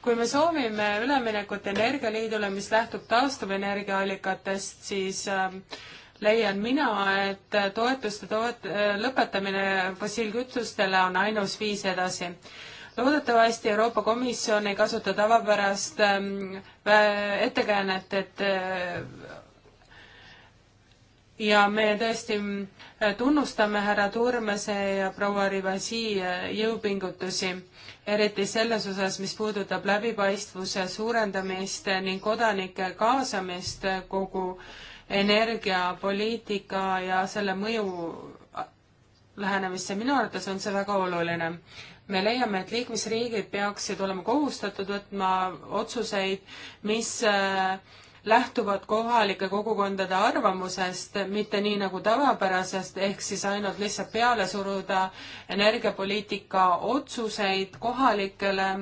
kui me soovime üleminekut Energialiidule, mis lähtub taastuvenergiaallikatest, siis äh, leian mina, et toetuste toet-, lõpetamine fossiilkütustele on ainus viis edasi. loodetavasti Euroopa Komisjon ei kasuta tavapärast ähm, ettekäänet, et äh, ja me tõesti äh, tunnustame härra Turmese ja proua Rivasi äh, jõupingutusi eriti selles osas, mis puudutab läbipaistvuse suurendamist ning kodanike kaasamist kogu energiapoliitika ja selle mõju lähenemisse, minu arvates on see väga oluline. me leiame, et liikmesriigid peaksid olema kohustatud võtma otsuseid, mis äh, lähtuvad kohalike kogukondade arvamusest, mitte nii nagu tavapärasest, ehk siis ainult lihtsalt peale suruda energiapoliitika otsuseid kohalikele äh,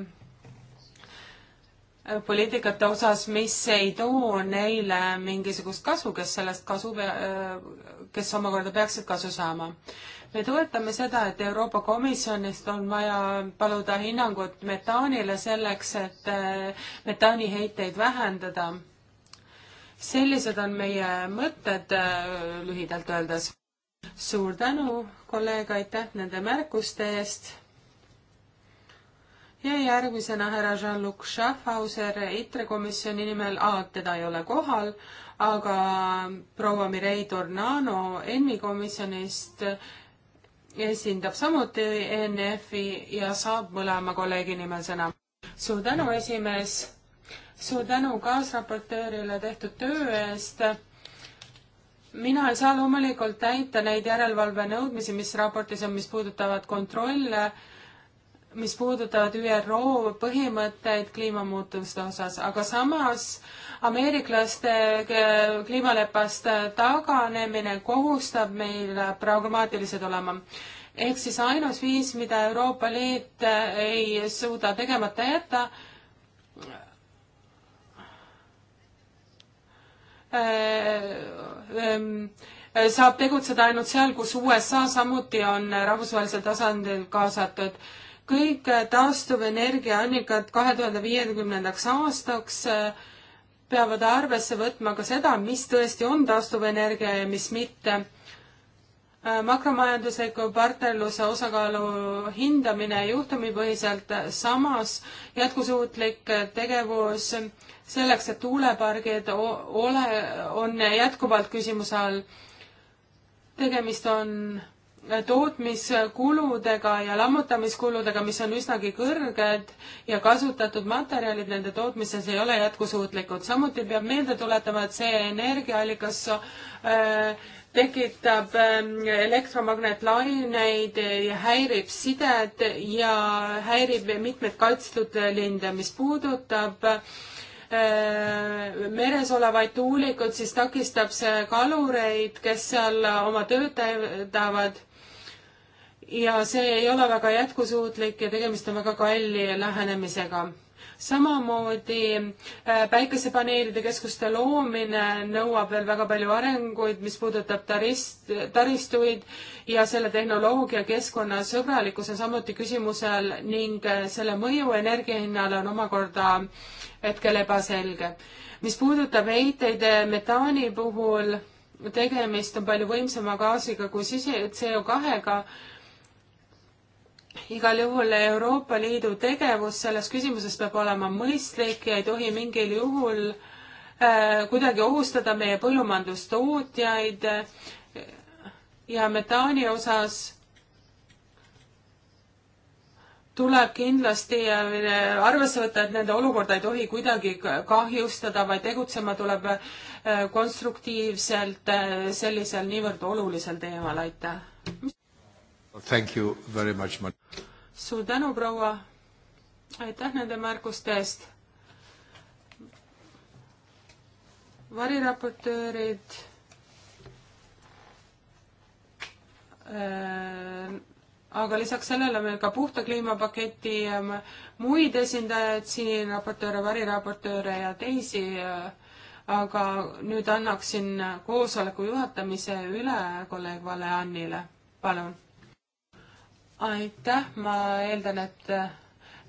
poliitikate osas, mis ei too neile mingisugust kasu, kes sellest kasu, äh, kes omakorda peaksid kasu saama. me toetame seda, et Euroopa Komisjonist on vaja paluda hinnangut metaanile selleks, et äh, metaaniheiteid vähendada sellised on meie mõtted äh, lühidalt öeldes. suur tänu, kolleeg, aitäh nende märkuste eest. ja järgmisena härra Jean-Luc Schaffhauser ITRE komisjoni nimel, teda ei ole kohal, aga proua Mirei Tornano ENMi komisjonist esindab samuti ENF-i ja saab mõlema kolleegi nimel sõna. suur tänu, esimees suur tänu kaasraportöörile tehtud töö eest. mina ei saa loomulikult täita neid järelevalve nõudmisi, mis raportis on, mis puudutavad kontrolle, mis puudutavad ÜRO põhimõtteid kliimamuutuste osas, aga samas ameeriklaste kliimaleppast taganemine kohustab meil pragmaatilised olema ehk siis ainus viis, mida Euroopa Liit ei suuda tegemata jätta, Äh, ähm, äh, saab tegutseda ainult seal, kus USA samuti on rahvusvahelisel tasandil kaasatud. kõik äh, taastuvenergiaallikad kahe tuhande viiekümnendaks aastaks peavad arvesse võtma ka seda, mis tõesti on taastuvenergia ja mis mitte Äh, makromajandusliku partnerluse osakaalu hindamine juhtumipõhiselt, samas jätkusuutlik tegevus selleks, et tuulepargid ole, on jätkuvalt küsimuse all. tegemist on tootmiskuludega ja lammutamiskuludega, mis on üsnagi kõrged ja kasutatud materjalid nende tootmises ei ole jätkusuutlikud. samuti peab meelde tuletama, et see energiaallikas äh, tekitab ähm, elektromagnetlained ja häirib sided ja häirib mitmeid kaitstud linde, mis puudutab äh, meres olevaid tuulikuid, siis takistab see kalureid, kes seal oma tööd teevad. ja see ei ole väga jätkusuutlik ja tegemist on väga kalli lähenemisega samamoodi äh, päikesepaneelide keskuste loomine nõuab veel väga palju arenguid, mis puudutab tarist, taristuid ja selle tehnoloogia keskkonnasõbralikkus on samuti küsimusel ning äh, selle mõju energiahinnale on omakorda hetkel ebaselge. mis puudutab heiteid äh, metaani puhul, tegemist on palju võimsama gaasiga kui sise, CO2-ga igal juhul Euroopa Liidu tegevus selles küsimuses peab olema mõistlik ja ei tohi mingil juhul äh, kuidagi ohustada meie põllumajandustootjaid äh, ja metaani osas tuleb kindlasti arvesse võtta, et nende olukorda ei tohi kuidagi kahjustada, vaid tegutsema tuleb äh, konstruktiivselt äh, sellisel niivõrd olulisel teemal, aitäh! Thank you very much. suur tänu, proua. aitäh nende märkuste eest. variraportöörid äh, aga lisaks sellele on meil ka puhta kliimapaketi ähm, muid esindajaid siin, raportööre, variraportööre ja teisi. Äh, aga nüüd annaksin koosoleku juhatamise üle kolleeg Vale Annile, palun aitäh, ma eeldan, et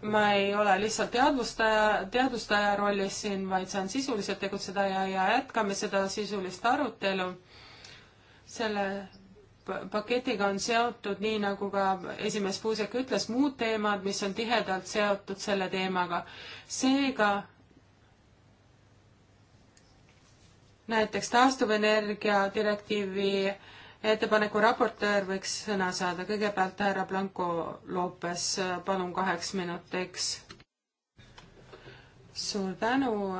ma ei ole lihtsalt teadvustaja, teadvustaja rollis siin, vaid saan sisuliselt tegutseda ja, ja jätkame seda sisulist arutelu. selle paketiga on seotud, nii nagu ka esimees Puusek ütles, muud teemad, mis on tihedalt seotud selle teemaga. seega näiteks taastuvenergia direktiivi äh, ettepaneku raportöör võiks sõna saada. kõigepealt härra Blanco Lopes, palun kaheks minutiks. suur tänu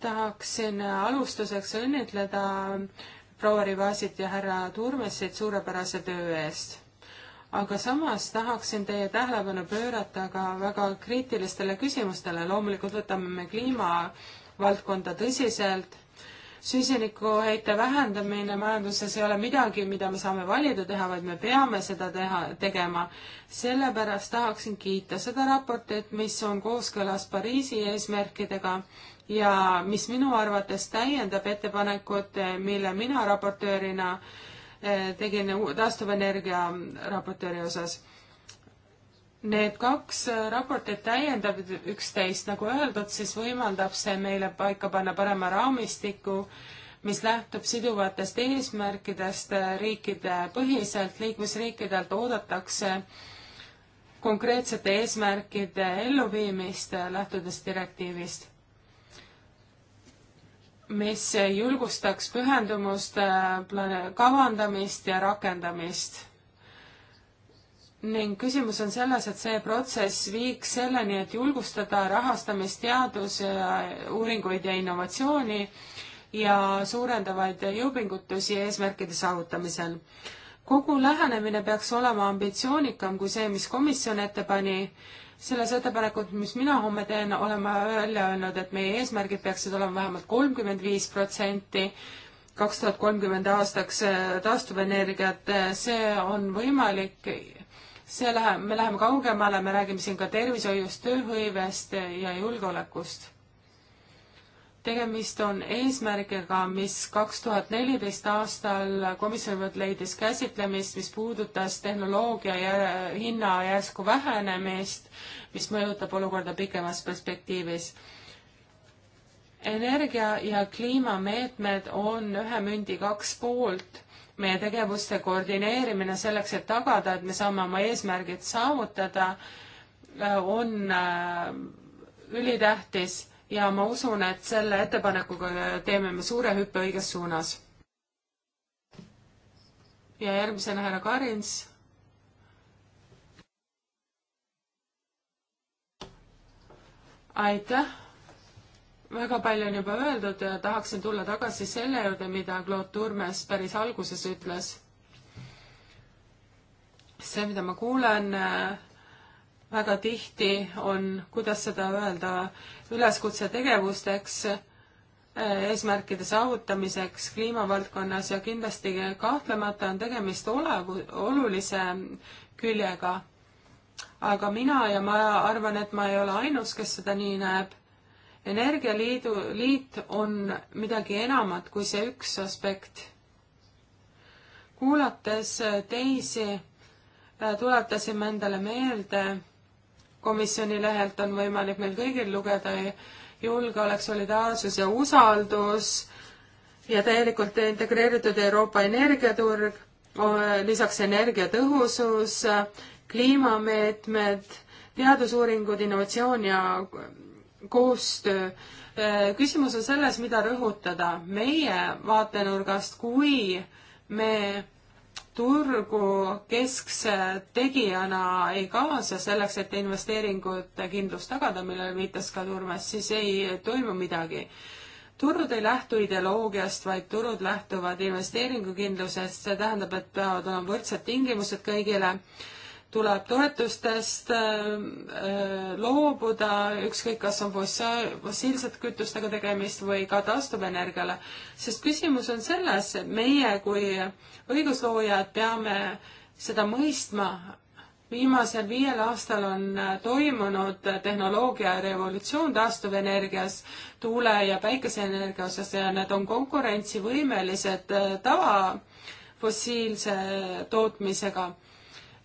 tahaksin alustuseks õnnitleda proua Rivasit ja härra Turmesit suurepärase töö eest. aga samas tahaksin teie tähelepanu pöörata ka väga kriitilistele küsimustele, loomulikult võtame me kliimavaldkonda tõsiselt süsinikuheite vähendamine majanduses ei ole midagi, mida me saame valida teha, vaid me peame seda teha, tegema. sellepärast tahaksin kiita seda raportit, mis on kooskõlas Pariisi eesmärkidega ja mis minu arvates täiendab ettepanekut, mille mina raportöörina eh, tegin taastuvenergia raportööri osas Need kaks äh, raportit täiendavad üksteist, nagu öeldud, siis võimaldab see meile paika panna parema raamistiku, mis lähtub siduvatest eesmärkidest äh, riikide põhiselt, liikmesriikidelt oodatakse konkreetsete eesmärkide elluviimist äh, lähtudes direktiivist, mis julgustaks pühendumust, kavandamist ja rakendamist ning küsimus on selles, et see protsess viiks selleni, et julgustada rahastamisteadus, uuringuid ja innovatsiooni ja suurendavaid jõupingutusi eesmärkide saavutamisel. kogu lähenemine peaks olema ambitsioonikam kui see, mis komisjon ette pani. selles ettepanekut, mis mina homme teen, olen ma välja öelnud, et meie eesmärgid peaksid olema vähemalt kolmkümmend viis protsenti kaks tuhat kolmkümmend aastaks taastuvenergiat, see on võimalik see läheb, me läheme kaugemale, me räägime siin ka tervishoiust, tööhõivest ja julgeolekust. tegemist on eesmärgiga, mis kaks tuhat neliteist aastal komisjon leidis käsitlemist, mis puudutas tehnoloogia ja hinna järsku vähenemist, mis mõjutab olukorda pikemas perspektiivis energia ja kliimameetmed on ühe mündi kaks poolt meie tegevuste koordineerimine selleks, et tagada, et me saame oma eesmärgid saavutada, äh, on äh, ülitähtis ja ma usun, et selle ettepanekuga teeme me suure hüppe õiges suunas. ja järgmisena härra Karins. aitäh väga palju on juba öeldud ja tahaksin tulla tagasi selle juurde, mida Claude Turmes päris alguses ütles. see, mida ma kuulen äh, väga tihti, on, kuidas seda öelda, üleskutse tegevusteks, äh, eesmärkide saavutamiseks kliimavaldkonnas ja kindlasti kahtlemata on tegemist olevu, olulise küljega. aga mina ja ma arvan, et ma ei ole ainus, kes seda nii näeb energialiidu, liit on midagi enamat kui see üks aspekt. kuulates teisi, äh, tuletasime endale meelde, komisjoni lehelt on võimalik meil kõigil lugeda julgeolek, solidaarsus ja usaldus ja täielikult integreeritud Euroopa energiaturg, lisaks energiatõhusus, kliimameetmed, teadusuuringud, innovatsioon ja koostöö. Äh, küsimus on selles, mida rõhutada. meie vaatenurgast, kui me turgu keskse tegijana ei kaasa selleks, et investeeringute kindlus tagada, millele viitas ka Turmas, siis ei toimu midagi. turud ei lähtu ideoloogiast, vaid turud lähtuvad investeeringukindlusest, see tähendab, et peavad olema võrdsed tingimused kõigile tuleb toetustest äh, äh, loobuda, ükskõik, kas on fossiilsete kütustega tegemist või ka taastuvenergiale. sest küsimus on selles, et meie kui õigusloojad peame seda mõistma, viimasel viiel aastal on äh, toimunud tehnoloogiarevolutsioon taastuvenergias, tuule- ja päikeseenergia osas ja need on konkurentsivõimelised tava fossiilse tootmisega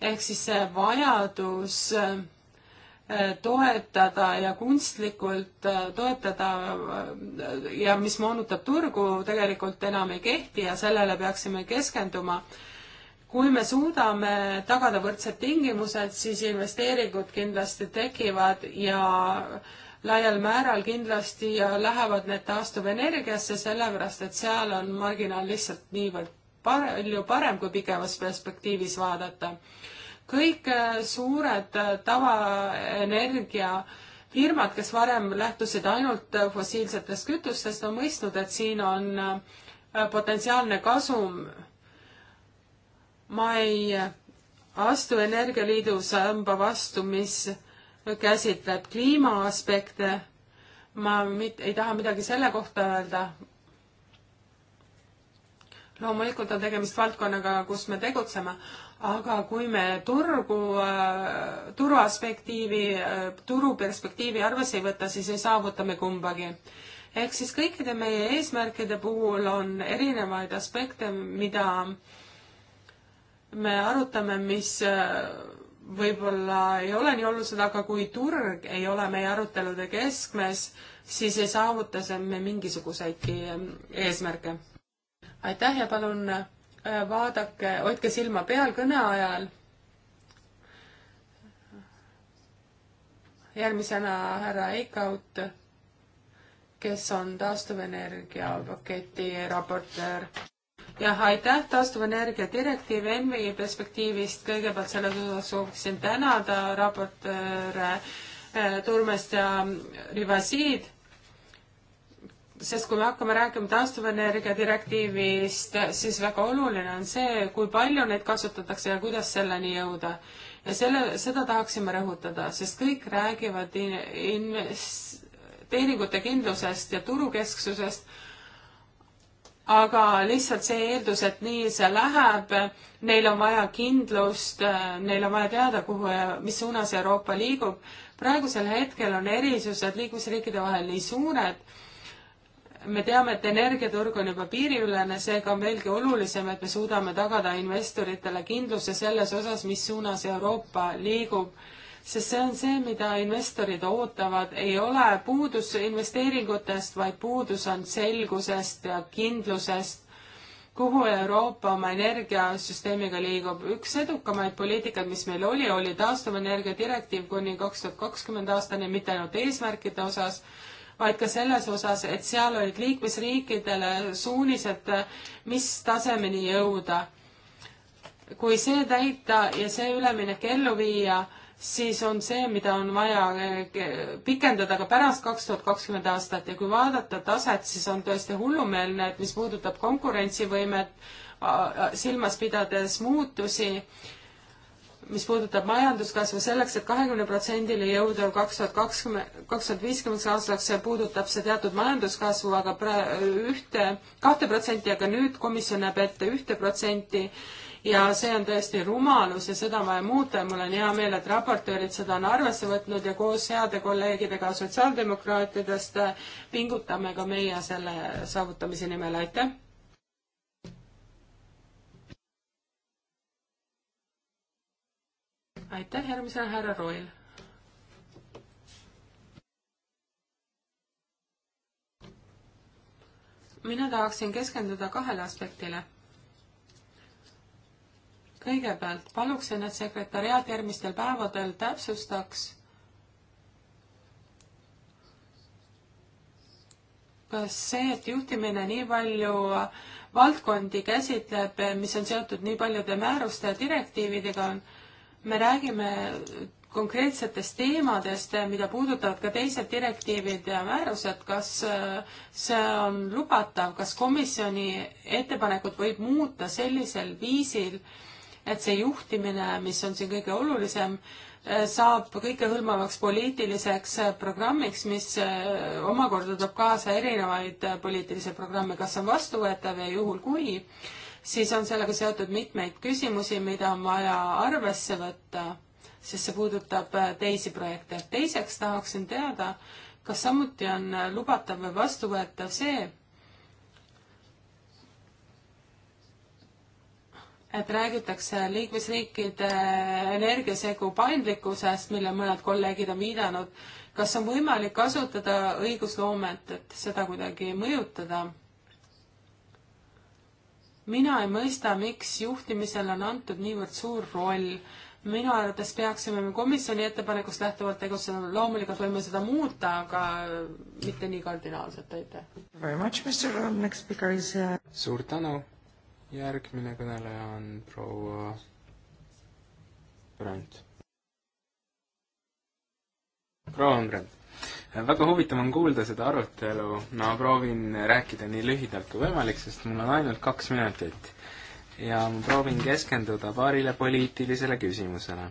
ehk siis see vajadus äh, toetada ja kunstlikult äh, toetada äh, ja mis moonutab turgu, tegelikult enam ei kehti ja sellele peaksime keskenduma. kui me suudame tagada võrdsed tingimused, siis investeeringud kindlasti tekivad ja laial määral kindlasti lähevad need taastuvenergiasse, sellepärast et seal on marginaal lihtsalt niivõrd palju parem, kui pikemas perspektiivis vaadata kõik äh, suured äh, tavaenergia firmad, kes varem lähtusid ainult äh, fossiilsetest kütustest, on mõistnud, et siin on potentsiaalne kasum. ma ei astu Energialiidu samba vastu, mis käsitleb kliima aspekte. ma mit, ei taha midagi selle kohta öelda. loomulikult on tegemist valdkonnaga, kus me tegutseme, aga kui me turgu, äh, turuaspektiivi, äh, turuperspektiivi arvesse ei võta, siis ei saavuta me kumbagi. ehk siis kõikide meie eesmärkide puhul on erinevaid aspekte, mida me arutame, mis äh, võib-olla ei ole nii olulised, aga kui turg ei ole meie arutelude keskmes, siis ei saavuta see me mingisuguseidki eesmärke. aitäh ja palun Äh, vaadake, hoidke silma peal kõne ajal. järgmisena härra Eikaut, kes on taastuvenergia paketi raportöör. jah, aitäh, taastuvenergia direktiiv ENVI perspektiivist, kõigepealt selles osas sooviksin tänada raportööre äh, Turmest ja Rivasid sest kui me hakkame rääkima taastuvenergia direktiivist, siis väga oluline on see, kui palju neid kasutatakse ja kuidas selleni jõuda. ja selle, seda tahaksime rõhutada, sest kõik räägivad investeeringute kindlusest ja turukesksusest, aga lihtsalt see eeldus, et nii see läheb, neil on vaja kindlust, neil on vaja teada, kuhu ja mis suunas Euroopa liigub. praegusel hetkel on erisused liikmesriikide vahel nii suured me teame, et energiaturg on juba piiriülene, seega on veelgi olulisem, et me suudame tagada investoritele kindluse selles osas, mis suunas Euroopa liigub, sest see on see, mida investorid ootavad, ei ole puudus investeeringutest, vaid puudus on selgusest ja kindlusest, kuhu Euroopa oma energiasüsteemiga liigub. üks edukamaid poliitikaid, mis meil oli, oli taastuvenergia direktiiv kuni kaks tuhat kakskümmend aastani, mitte ainult eesmärkide osas, vaid ka selles osas, et seal olid liikmesriikidele suunised, mis tasemeni jõuda. kui see täita ja see üleminek ellu viia, siis on see, mida on vaja eh, pikendada ka pärast kaks tuhat kakskümmend aastat ja kui vaadata taset, siis on tõesti hullumeelne, et mis puudutab konkurentsivõimet, silmas pidades muutusi mis puudutab majanduskasvu selleks et, et kahekümne protsendini jõuda kaks tuhat kakskümmend, kaks tuhat viiskümmend aastaks, see puudutab see teatud majanduskasvu aga, aga ühte, kahte protsenti, aga nüüd komisjon näeb ette ühte protsenti ja see on tõesti rumalus ja seda on vaja muuta ja mul on hea meel, et raportöörid seda on arvesse võtnud ja koos heade kolleegidega sotsiaaldemokraatidest pingutame ka meie selle saavutamise nimel, aitäh! aitäh, järgmisena härra Roil. mina tahaksin keskenduda kahele aspektile. kõigepealt paluksin, et sekretäriaat järgmistel päevadel täpsustaks kas see, et juhtimine nii palju valdkondi käsitleb, mis on seotud nii paljude määruste ja direktiividega, on me räägime konkreetsetest teemadest, mida puudutavad ka teised direktiivid ja määrused, kas äh, see on lubatav, kas komisjoni ettepanekut võib muuta sellisel viisil, et see juhtimine, mis on siin kõige olulisem, äh, saab kõikehõlmavaks poliitiliseks äh, programmiks, mis omakorda toob kaasa erinevaid poliitilisi programme, kas see on vastuvõetav ja juhul kui, siis on sellega seotud mitmeid küsimusi, mida on vaja arvesse võtta, sest see puudutab äh, teisi projekte. teiseks tahaksin teada, kas samuti on äh, lubatav või vastuvõetav see, et räägitakse liikmesriikide energiasegu paindlikkusest, mille mõned kolleegid on viidanud. kas on võimalik kasutada õigusloomet, et seda kuidagi mõjutada? mina ei mõista, miks juhtimisele on antud niivõrd suur roll. minu arvates peaksime me komisjoni ettepanekust lähtuvalt tegutsema, loomulikult võime seda muuta, aga mitte nii kardinaalselt, aitäh. Uh, suur tänu, järgmine kõneleja on proua Brandt. proua Brandt väga huvitav on kuulda seda arutelu, ma proovin rääkida nii lühidalt kui võimalik, sest mul on ainult kaks minutit. ja ma proovin keskenduda paarile poliitilisele küsimusele.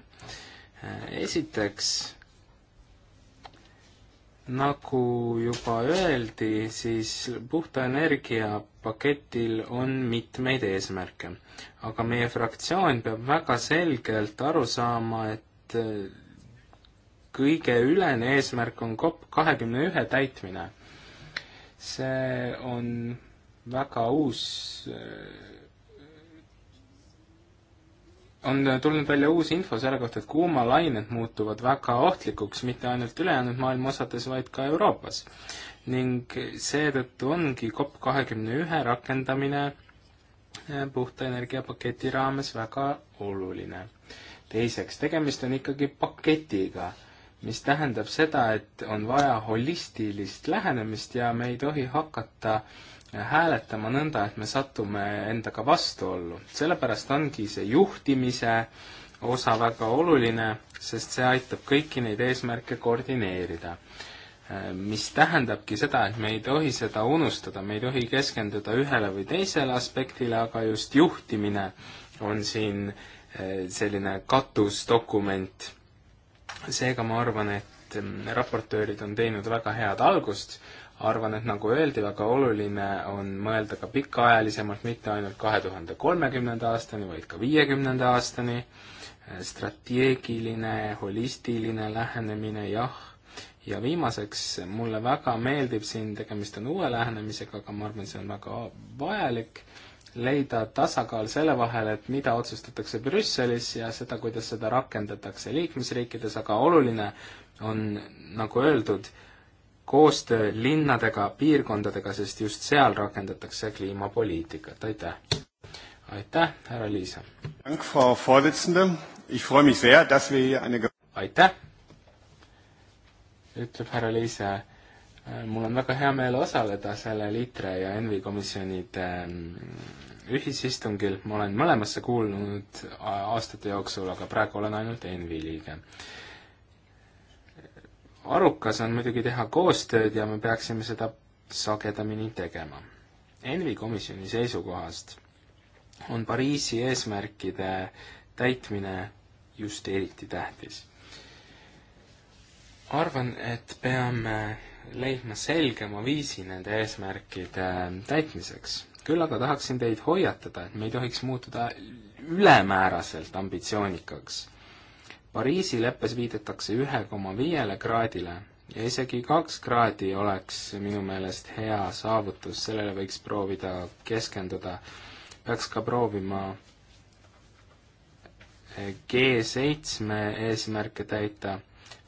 esiteks, nagu juba öeldi, siis puhta energia paketil on mitmeid eesmärke. aga meie fraktsioon peab väga selgelt aru saama, et kõige ülene eesmärk on COP kahekümne ühe täitmine. see on väga uus, on tulnud välja uus info selle kohta, et kuumalained muutuvad väga ohtlikuks mitte ainult ülejäänud maailma osades, vaid ka Euroopas. ning seetõttu ongi COP kahekümne ühe rakendamine eh, puhta energiapaketi raames väga oluline teiseks, tegemist on ikkagi paketiga mis tähendab seda, et on vaja holistilist lähenemist ja me ei tohi hakata hääletama nõnda, et me satume endaga vastuollu. sellepärast ongi see juhtimise osa väga oluline, sest see aitab kõiki neid eesmärke koordineerida. mis tähendabki seda, et me ei tohi seda unustada, me ei tohi keskenduda ühele või teisele aspektile, aga just juhtimine on siin eh, selline katusdokument seega ma arvan, et mm, raportöörid on teinud väga head algust, arvan, et nagu öeldi, väga oluline on mõelda ka pikaajalisemalt, mitte ainult kahe tuhande kolmekümnenda aastani, vaid ka viiekümnenda aastani, äh, strateegiline, holistiline lähenemine, jah, ja viimaseks, mulle väga meeldib siin, tegemist on uue lähenemisega, aga ma arvan, see on väga vajalik, leida tasakaal selle vahel, et mida otsustatakse Brüsselis ja seda, kuidas seda rakendatakse liikmesriikides, aga oluline on, nagu öeldud, koostöö linnadega, piirkondadega, sest just seal rakendatakse kliimapoliitikat, aitäh! aitäh, härra Liisa! aitäh, ütleb härra Liise mul on väga hea meel osaleda sellel ITRE ja ENVI komisjonide mm, ühisistungil, ma olen mõlemasse kuulnud aastate jooksul, aga praegu olen ainult ENVI liige. arukas on muidugi teha koostööd ja me peaksime seda sagedamini tegema. ENVI komisjoni seisukohast on Pariisi eesmärkide täitmine just eriti tähtis. arvan, et peame leidma selgema viisi nende eesmärkide äh, täitmiseks. küll aga tahaksin teid hoiatada, et me ei tohiks muutuda ülemääraselt ambitsioonikaks. Pariisi leppes viidetakse ühe koma viiele kraadile ja isegi kaks kraadi oleks minu meelest hea saavutus, sellele võiks proovida keskenduda. peaks ka proovima äh, G7 eesmärke täita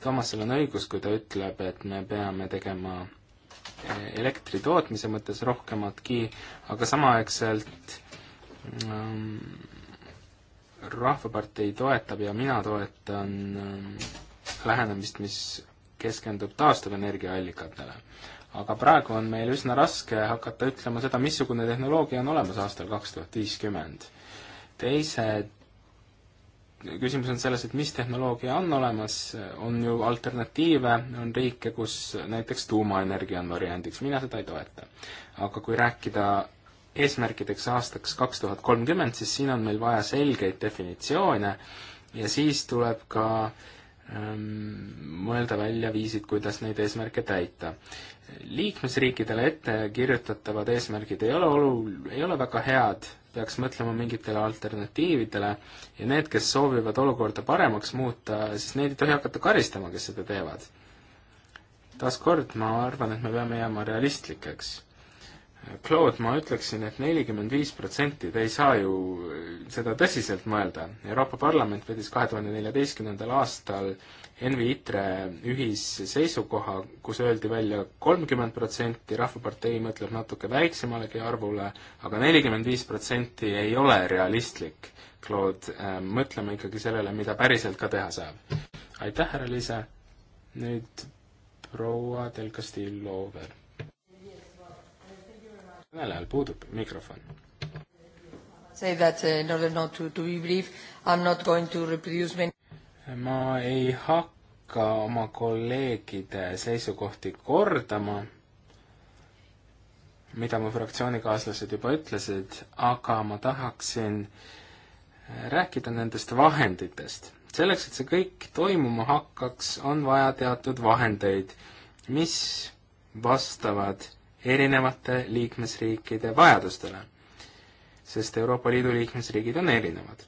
Toomasel on õigus, kui ta ütleb, et me peame tegema eh, elektri tootmise mõttes rohkematki, aga samaaegselt ähm, Rahvapartei toetab ja mina toetan ähm, lähenemist, mis keskendub taastuvenergiaallikatele. aga praegu on meil üsna raske hakata ütlema seda, missugune tehnoloogia on olemas aastal kaks tuhat viiskümmend. teised küsimus on selles, et mis tehnoloogia on olemas, on ju alternatiive, on riike, kus näiteks tuumaenergia on variandiks, mina seda ei toeta. aga kui rääkida eesmärkideks aastaks kaks tuhat kolmkümmend, siis siin on meil vaja selgeid definitsioone ja siis tuleb ka ähm, mõelda välja viisid, kuidas neid eesmärke täita. liikmesriikidele ette kirjutatavad eesmärgid ei ole olu-, ei ole väga head, peaks mõtlema mingitele alternatiividele ja need, kes soovivad olukorda paremaks muuta, siis neid ei tohi hakata karistama, kes seda teevad. taaskord ma arvan, et me peame jääma realistlikeks. Claude, ma ütleksin et, et nelikümmend viis protsenti, te ei saa ju seda tõsiselt mõelda. Euroopa Parlament võttis kahe tuhande neljateistkümnendal aastal Envi Itre ühisseisukoha, kus öeldi välja kolmkümmend protsenti, Rahvapartei mõtleb natuke väiksemalegi arvule aga, aga nelikümmend viis protsenti ei ole realistlik. Claude, äh, mõtleme ikkagi sellele, mida päriselt ka teha saab. aitäh, härra Liise! nüüd proua Del Castillo Over kõnelejal puudub mikrofon. Say that uh, in order not to, to be brief, I am not going to reproduce many ma ei hakka oma kolleegide seisukohti kordama, mida mu fraktsioonikaaslased juba ütlesid, aga ma tahaksin äh, rääkida nendest vahenditest. selleks, et see kõik toimuma hakkaks, on vaja teatud vahendeid, mis vastavad erinevate liikmesriikide vajadustele, sest Euroopa Liidu liikmesriigid on erinevad.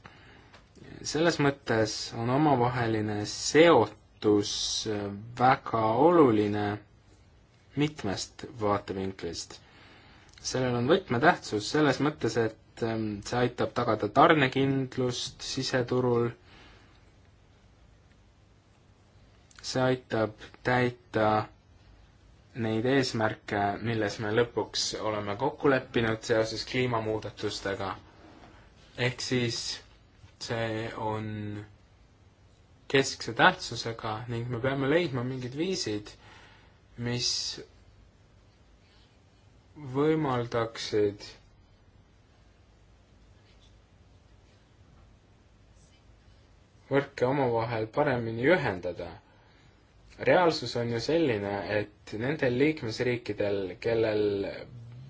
selles mõttes on omavaheline seotus väga oluline mitmest vaatevinklist. sellel on võtmetähtsus selles mõttes, et ähm, see aitab tagada tarnekindlust siseturul, see aitab täita neid eesmärke, milles me lõpuks oleme kokku leppinud seoses kliimamuudatustega. ehk siis see on keskse tähtsusega ning me peame leidma mingid viisid, mis võimaldaksid võrke omavahel paremini ühendada reaalsus on ju selline, et nendel liikmesriikidel, kellel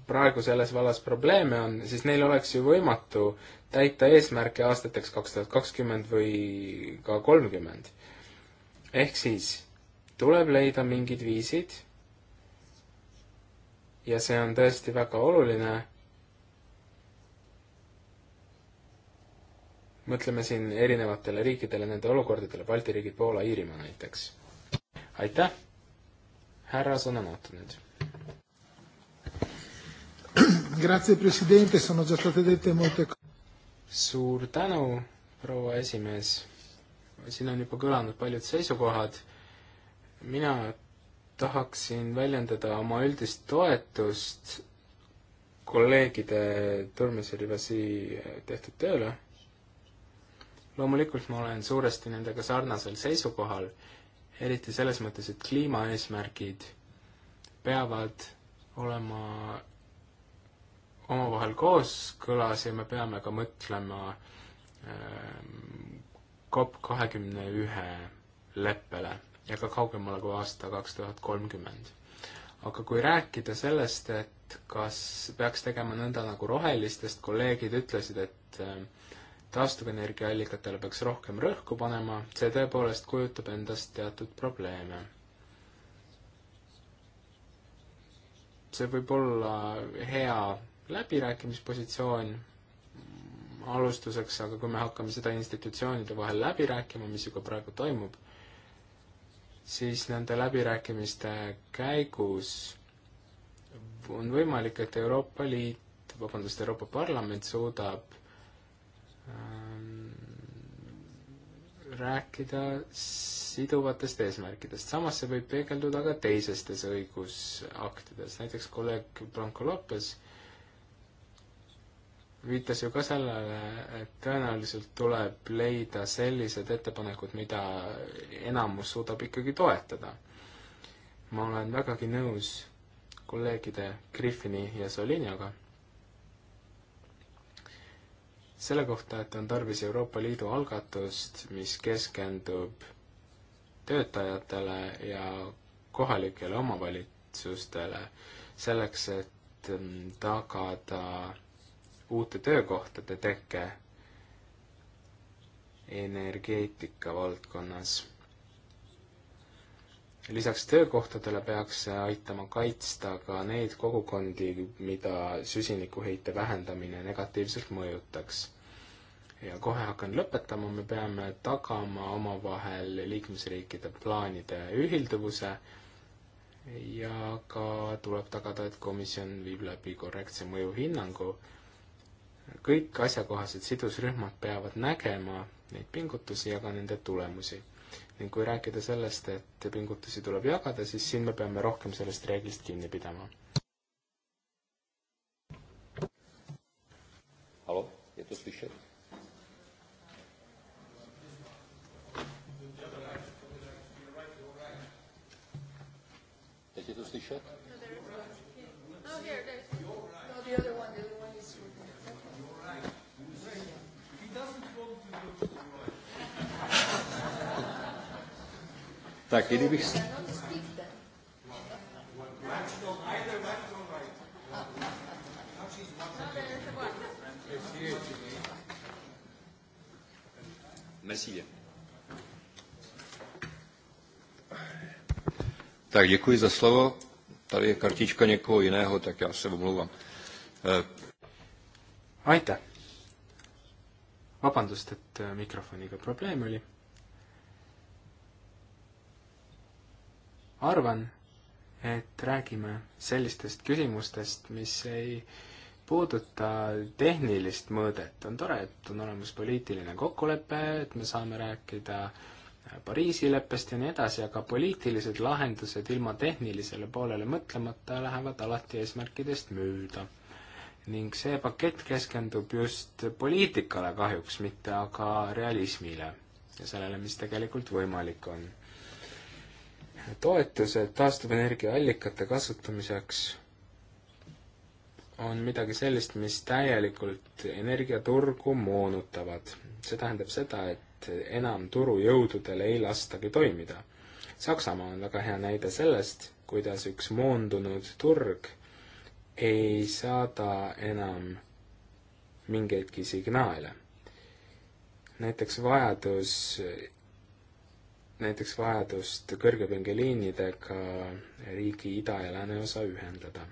praegu selles vallas probleeme on, siis neil oleks ju võimatu täita eesmärke aastateks kaks tuhat kakskümmend või ka kolmkümmend. ehk siis tuleb leida mingid viisid ja see on tõesti väga oluline. mõtleme siin erinevatele riikidele, nende olukordadele, Balti riigid, Poola, Iirimaa näiteks aitäh, härra Sõnamatu nüüd. Grazie presidente, sono già state dette molte suur tänu, proua esimees. siin on juba kõlanud paljud seisukohad. mina tahaksin väljendada oma üldist toetust kolleegide Turmise Rivasi tehtud tööle. loomulikult ma olen suuresti nendega sarnasel seisukohal eriti selles mõttes, et kliimaeesmärgid peavad olema omavahel kooskõlas ja me peame ka mõtlema COP kahekümne ühe leppele ja ka kaugemale kui aasta kaks tuhat kolmkümmend. aga kui rääkida sellest, et kas peaks tegema nõnda, nagu rohelistest kolleegid ütlesid, et ähm, taastuvenergiaallikatele peaks rohkem rõhku panema, see tõepoolest kujutab endast teatud probleeme. see võib olla hea läbirääkimispositsioon alustuseks, aga kui me hakkame seda institutsioonide vahel läbi rääkima, mis juba praegu toimub, siis nende läbirääkimiste käigus on võimalik, et Euroopa Liit, vabandust, Euroopa Parlament suudab Ähm, rääkida siduvatest eesmärkidest. samas see võib peegelduda ka teisestes õigusaktides, näiteks kolleeg Blanco Lopez viitas ju ka sellele, et tõenäoliselt tuleb leida sellised ettepanekud, mida enamus suudab ikkagi toetada. ma olen vägagi nõus kolleegide Griffini ja Soliniga selle kohta, et on tarvis Euroopa Liidu algatust, mis keskendub töötajatele ja kohalikele omavalitsustele, selleks et mm, tagada uute töökohtade teke energeetika valdkonnas lisaks töökohtadele peaks see aitama kaitsta ka neid kogukondi, mida süsinikuheite vähendamine negatiivselt mõjutaks. ja kohe hakkan lõpetama, me peame tagama omavahel liikmesriikide plaanide ühilduvuse ja ka tuleb tagada, et komisjon viib läbi korrektse mõjuhinnangu. kõik asjakohased sidusrühmad peavad nägema neid pingutusi ja ka nende tulemusi ning kui rääkida sellest, et pingutusi tuleb jagada, siis siin me peame rohkem sellest reeglist kinni pidama. hallo, je to slyšet? Teď je to slyšet? No, here, there. No, the other one, the other one is... He doesn't want to go... Tak, kdybych... Mesíje. Tak děkuji za slovo. Tady je kartička někoho jiného, tak já se omlouvám. Aitäh! vabandust, et mikrofoniga probleem oli arvan, et räägime sellistest küsimustest, mis ei puuduta tehnilist mõõdet, on tore, et on olemas poliitiline kokkulepe, et me saame rääkida Pariisi leppest ja nii edasi, aga poliitilised lahendused ilma tehnilisele poolele mõtlemata lähevad alati eesmärkidest mööda. ning see pakett keskendub just poliitikale kahjuks, mitte aga realismile ja sellele, mis tegelikult võimalik on toetused taastuvenergiaallikate kasutamiseks on midagi sellist, mis täielikult energiaturgu moonutavad. see tähendab seda, et enam turujõududel ei lastagi toimida. Saksamaa on väga hea näide sellest, kuidas üks moondunud turg ei saada enam mingeidki signaale. näiteks vajadus näiteks vajadust kõrgepingeliinidega riigi ida- ja lääneosa ühendada.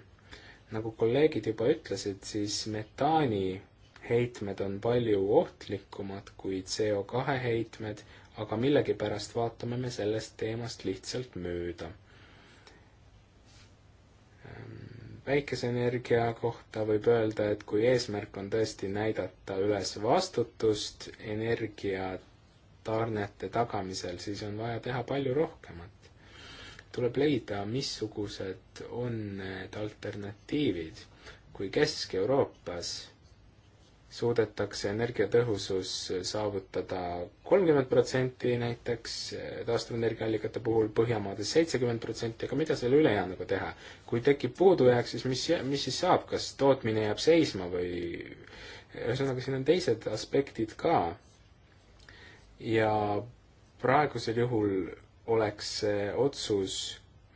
nagu kolleegid juba ütlesid, siis metaani heitmed on palju ohtlikumad kui CO2 heitmed, aga millegipärast vaatame me sellest teemast lihtsalt mööda. päikeseenergia kohta võib öelda, et kui eesmärk on tõesti näidata üles vastutust energiat tarnete tagamisel, siis on vaja teha palju rohkemat. tuleb leida, missugused on need alternatiivid, kui Kesk-Euroopas suudetakse energiatõhusus saavutada kolmkümmend protsenti näiteks taastuvenergiaallikate puhul, Põhjamaades seitsekümmend protsenti, aga mida selle ülejäänuga teha? kui tekib puudujääk, siis mis, mis siis saab, kas tootmine jääb seisma või ühesõnaga, siin on teised aspektid ka ja praegusel juhul oleks see otsus,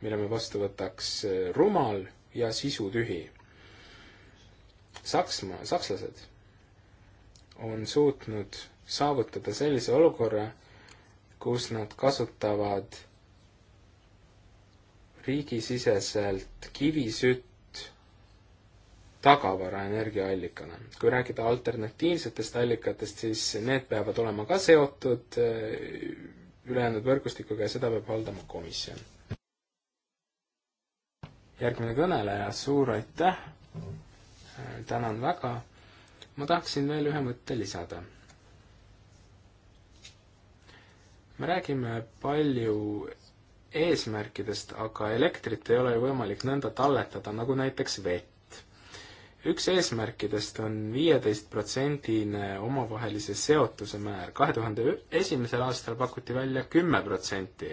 mille me vastu võtaks, rumal ja sisutühi. Saksmaa, sakslased on suutnud saavutada sellise olukorra, kus nad kasutavad riigisiseselt kivisütt tagavara energiaallikana. kui rääkida alternatiivsetest allikatest, siis need peavad olema ka seotud eh, ülejäänud võrgustikuga ja seda peab haldama komisjon. järgmine kõneleja, suur aitäh! Eh, tänan väga! ma tahaksin veel ühe mõtte lisada. me räägime palju eesmärkidest, aga elektrit ei ole ju võimalik nõnda talletada, nagu näiteks vett üks eesmärkidest on viieteistprotsendine omavahelise seotuse määr. kahe tuhande esimesel aastal pakuti välja kümme protsenti,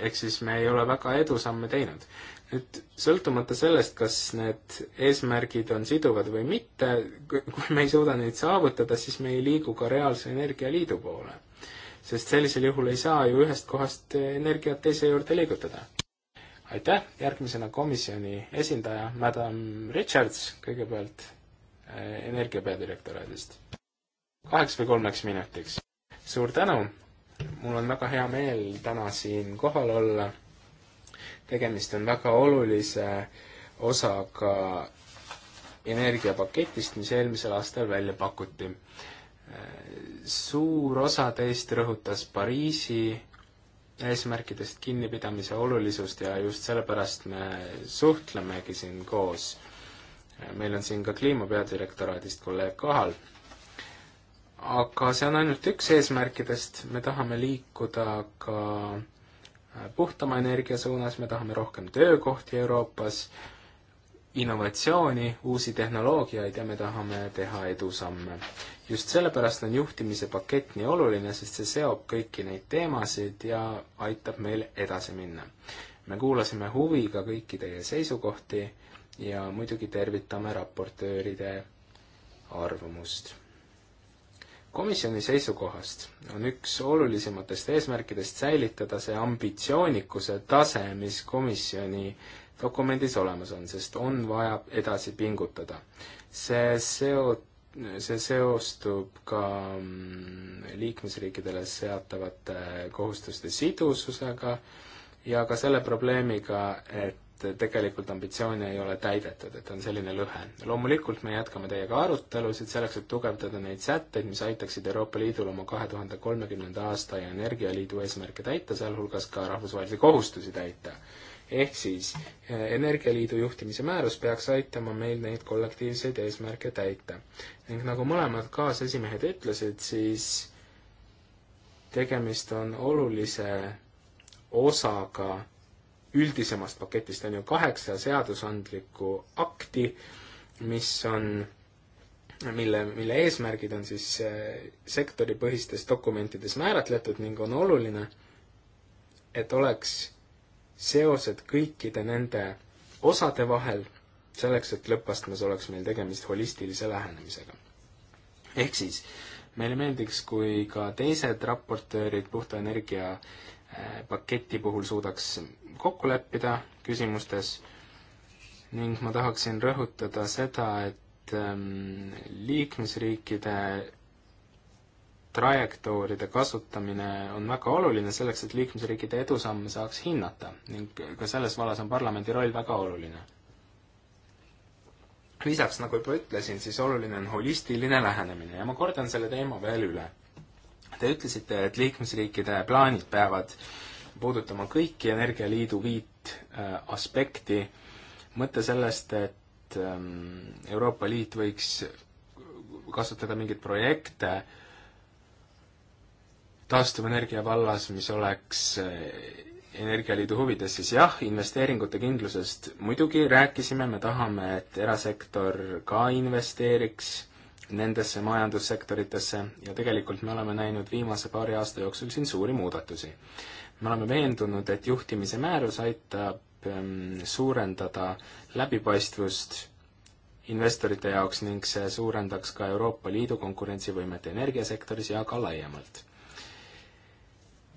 ehk siis me ei ole väga edusamme teinud. nüüd sõltumata sellest, kas need eesmärgid on siduvad või mitte, kui me ei suuda neid saavutada, siis me ei liigu ka reaalse energialiidu poole. sest sellisel juhul ei saa ju ühest kohast energiat teise juurde liigutada aitäh, järgmisena komisjoni esindaja, madam Richards kõigepealt äh, Energia peadirektoraadist. kaheks või kolmeks minutiks. suur tänu, mul on väga hea meel täna siin kohal olla. tegemist on väga olulise osaga energiapaketist, mis eelmisel aastal välja pakuti. Äh, suur osa teist rõhutas Pariisi eesmärkidest kinnipidamise olulisust ja just sellepärast me suhtlemegi siin koos. meil on siin ka Kliima peadirektoraadist kolleeg kohal. aga see on ainult üks eesmärkidest, me tahame liikuda ka puhtama energia suunas, me tahame rohkem töökohti Euroopas, innovatsiooni, uusi tehnoloogiaid ja me tahame teha edusamme. just sellepärast on juhtimise pakett nii oluline, sest see seob kõiki neid teemasid ja aitab meil edasi minna. me kuulasime huviga kõiki teie seisukohti ja muidugi tervitame raportööride arvamust. komisjoni seisukohast on üks olulisematest eesmärkidest säilitada see ambitsioonikuse tase, mis komisjoni dokumendis olemas on, sest on vaja edasi pingutada. see seo-, see seostub ka mm, liikmesriikidele seatavate kohustuste sidususega ja ka selle probleemiga, et tegelikult ambitsioone ei ole täidetud, et on selline lõhe. loomulikult me jätkame teiega arutelusid selleks, et tugevdada neid sätteid, mis aitaksid Euroopa Liidul oma kahe tuhande kolmekümnenda aasta ja Energialiidu eesmärke täita, sealhulgas ka rahvusvahelisi kohustusi täita ehk siis eh, Energialiidu juhtimise määrus peaks aitama meil neid kollektiivseid eesmärke täita. ning nagu mõlemad kaasesimehed ütlesid, siis tegemist on olulise osaga üldisemast paketist, on ju kaheksa seadusandlikku akti, mis on mille, mille eesmärgid on siis eh, sektoripõhistes dokumentides määratletud ning on oluline, et oleks seosed kõikide nende osade vahel, selleks, et lõppastmes oleks meil tegemist holistilise lähenemisega. ehk siis, meile meeldiks, kui ka teised raportöörid puhta energia äh, paketi puhul suudaks kokku leppida küsimustes ning ma tahaksin rõhutada seda, et ähm, liikmesriikide trajektooridade kasutamine on väga oluline selleks, et liikmesriikide edusamme saaks hinnata ning ka selles vallas on parlamendi roll väga oluline. lisaks, nagu juba ütlesin, siis oluline on holistiline lähenemine ja ma kordan selle teema veel üle. Te ütlesite, et liikmesriikide plaanid peavad puudutama kõiki Energialiidu viit äh, aspekti, mõte sellest, et ähm, Euroopa Liit võiks kasutada mingeid projekte äh, taastuvenergia vallas, mis oleks eh, Energialiidu huvides, siis jah, investeeringute kindlusest muidugi rääkisime, me tahame, et erasektor ka investeeriks nendesse majandussektoritesse ja tegelikult me oleme näinud viimase paari aasta jooksul siin suuri muudatusi. me oleme veendunud, et juhtimise määrus aitab ähm, suurendada läbipaistvust investorite jaoks ning see suurendaks ka Euroopa Liidu konkurentsivõimet energiasektoris ja ka laiemalt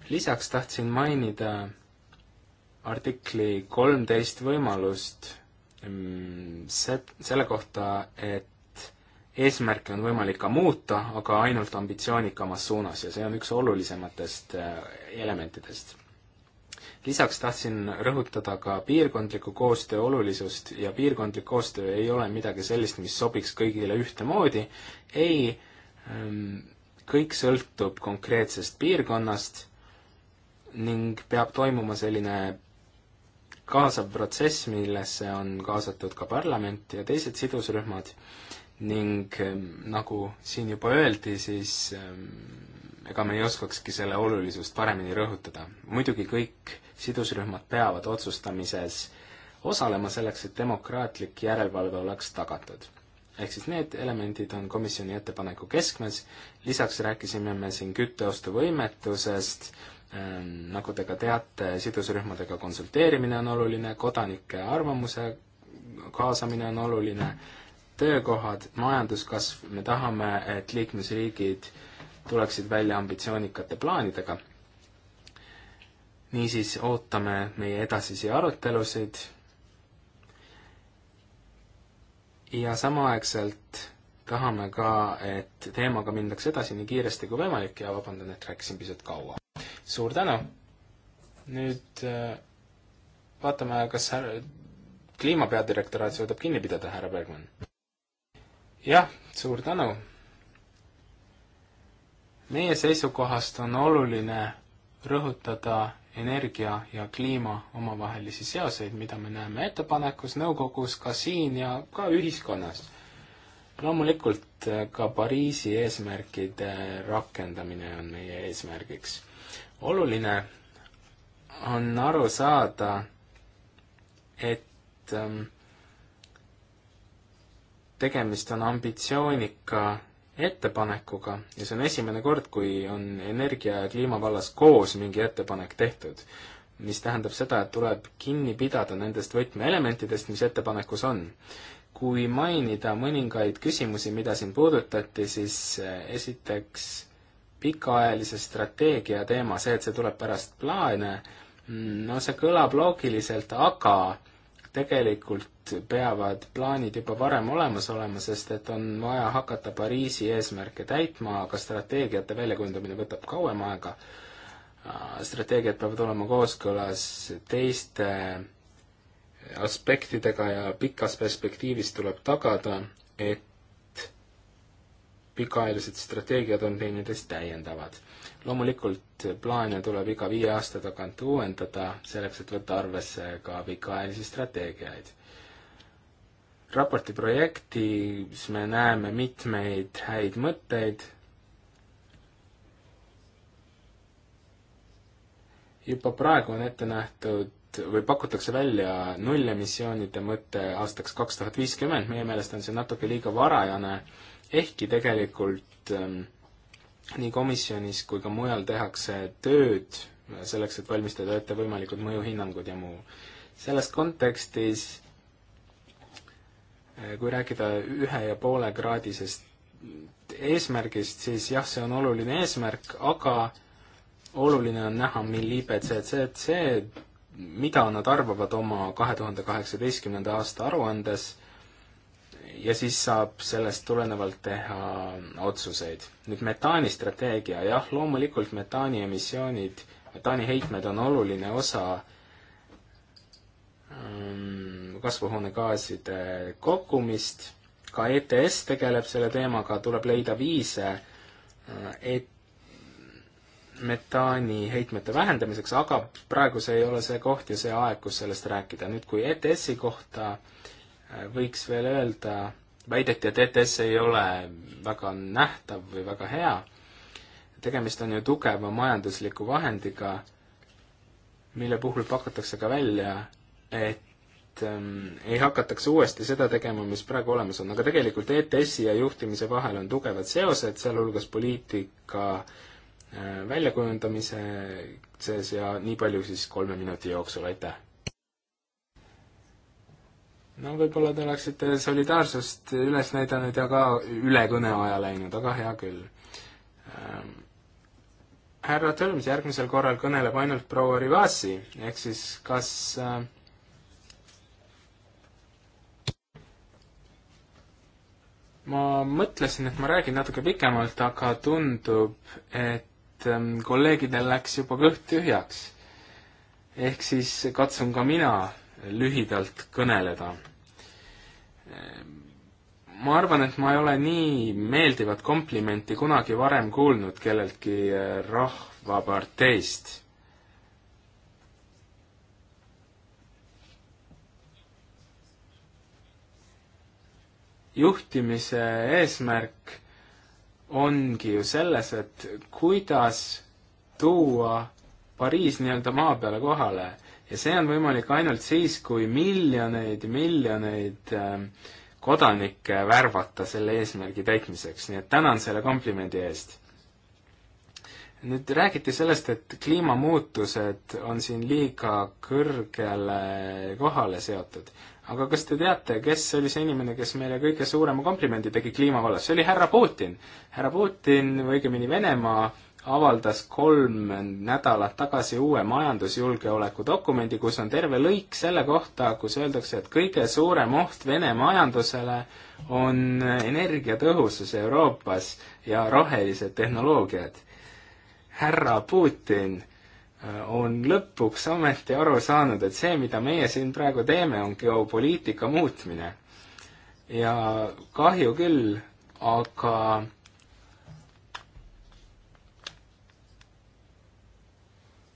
lisaks tahtsin mainida artikli kolmteist võimalust mm, se-, selle kohta, et eesmärke on võimalik ka muuta, aga ainult ambitsioonikamas suunas ja see on üks olulisematest äh, elementidest. lisaks tahtsin rõhutada ka piirkondliku koostöö olulisust ja piirkondlik koostöö ei ole midagi sellist, mis sobiks kõigile ühtemoodi, ei, ähm, kõik sõltub konkreetsest piirkonnast ning peab toimuma selline kaasav protsess, millesse on kaasatud ka parlament ja teised sidusrühmad ning ähm, nagu siin juba öeldi, siis ähm, ega me ei oskakski selle olulisust paremini rõhutada. muidugi kõik sidusrühmad peavad otsustamises osalema selleks, et demokraatlik järelevalve oleks tagatud. ehk siis need elemendid on komisjoni ettepaneku keskmes, lisaks rääkisime me siin kütteostuvõimetusest, Ehm, nagu te ka teate, sidusrühmadega konsulteerimine on oluline, kodanike arvamuse kaasamine on oluline, töökohad, majanduskasv, me tahame, et liikmesriigid tuleksid välja ambitsioonikate plaanidega. niisiis ootame meie edasisi arutelusid ja samaaegselt tahame ka, et teemaga mindaks edasi nii kiiresti kui võimalik ja vabandan, et rääkisin pisut kaua suur tänu! nüüd äh, vaatame, kas härra, kliima peadirektoraat suudab kinni pidada, härra Bergmann? jah, suur tänu! meie seisukohast on oluline rõhutada energia ja kliima omavahelisi seoseid, mida me näeme ettepanekus, nõukogus, ka siin ja ka ühiskonnas. loomulikult äh, ka Pariisi eesmärkide rakendamine on meie eesmärgiks oluline on aru saada, et ähm, tegemist on ambitsioonika ettepanekuga ja see on esimene kord, kui on energia ja kliima vallas koos mingi ettepanek tehtud. mis tähendab seda, et tuleb kinni pidada nendest võtmeelementidest, mis ettepanekus on. kui mainida mõningaid küsimusi, mida siin puudutati, siis äh, esiteks pikaajalise strateegia teema, see, et see tuleb pärast plaane, no see kõlab loogiliselt, aga tegelikult peavad plaanid juba varem olemas olema, sest et on vaja hakata Pariisi eesmärke täitma, aga strateegiate väljakujundamine võtab kauem aega. strateegiad peavad olema kooskõlas teiste aspektidega ja pikas perspektiivis tuleb tagada, et pikaajalised strateegiad on teineteist täiendavad. loomulikult plaane tuleb iga viie aasta tagant uuendada, selleks et võtta arvesse ka pikaajalisi strateegiaid. raporti projektis me näeme mitmeid häid mõtteid, juba praegu on ette nähtud või pakutakse välja nullemissioonide mõte aastaks kaks tuhat viiskümmend, meie meelest on see natuke liiga varajane äh, ehkki tegelikult ähm, nii komisjonis kui ka mujal tehakse tööd selleks, et valmistada ette võimalikud mõjuhinnangud ja muu. selles kontekstis, äh, kui rääkida ühe ja poole kraadisest eesmärgist, siis jah, see on oluline eesmärk, aga oluline on näha, mil IPCC, mida nad arvavad oma kahe tuhande kaheksateistkümnenda aasta aruandes ja siis saab sellest tulenevalt teha otsuseid. nüüd metaanistrateegia, jah, loomulikult metaani emissioonid, metaani heitmed on oluline osa mm, kasvuhoonegaaside kogumist, ka ETS tegeleb selle teemaga, tuleb leida viise, äh, et metaani heitmete vähendamiseks, aga praegu see ei ole see koht ja see aeg, kus sellest rääkida. nüüd kui ETS-i kohta äh, võiks veel öelda, väideti, et ETS ei ole väga nähtav või väga hea, tegemist on ju tugeva majandusliku vahendiga, mille puhul pakutakse ka välja, et ähm, ei hakataks uuesti seda tegema, mis praegu olemas on, aga tegelikult ETS-i ja juhtimise vahel on tugevad seosed, sealhulgas poliitika äh, väljakujundamise sees ja nii palju siis kolme minuti jooksul, aitäh! no võib-olla te oleksite solidaarsust üles näidanud ja ka üle kõneaja läinud, aga hea küll ähm,. härra Tölms järgmisel korral kõneleb ainult proua Rivasi, ehk siis kas äh, ma mõtlesin, et ma räägin natuke pikemalt, aga tundub, et ähm, kolleegidel läks juba kõht tühjaks. ehk siis katsun ka mina lühidalt kõneleda. ma arvan, et ma ei ole nii meeldivat komplimenti kunagi varem kuulnud kelleltki eh, rahvaparteist juhtimise eesmärk ongi ju selles, et kuidas tuua Pariis nii-öelda maa peale kohale ja see on võimalik ainult siis, kui miljoneid ja miljoneid ähm, kodanikke värvata selle eesmärgi täitmiseks, nii et tänan selle komplimendi eest. nüüd räägiti sellest, et kliimamuutused on siin liiga kõrgele kohale seotud. aga kas te teate, kes oli see inimene, kes meile kõige suurema komplimendi tegi kliima vallas? see oli härra Putin. härra Putin või õigemini Venemaa avaldas kolm nädalat tagasi uue majandusjulgeoleku dokumendi, kus on terve lõik selle kohta, kus öeldakse, et kõige suurem oht Vene majandusele on energiatõhusus Euroopas ja rohelised tehnoloogiad. härra Putin äh, on lõpuks ometi aru saanud, et see, mida meie siin praegu teeme, on geopoliitika muutmine. ja kahju küll, aga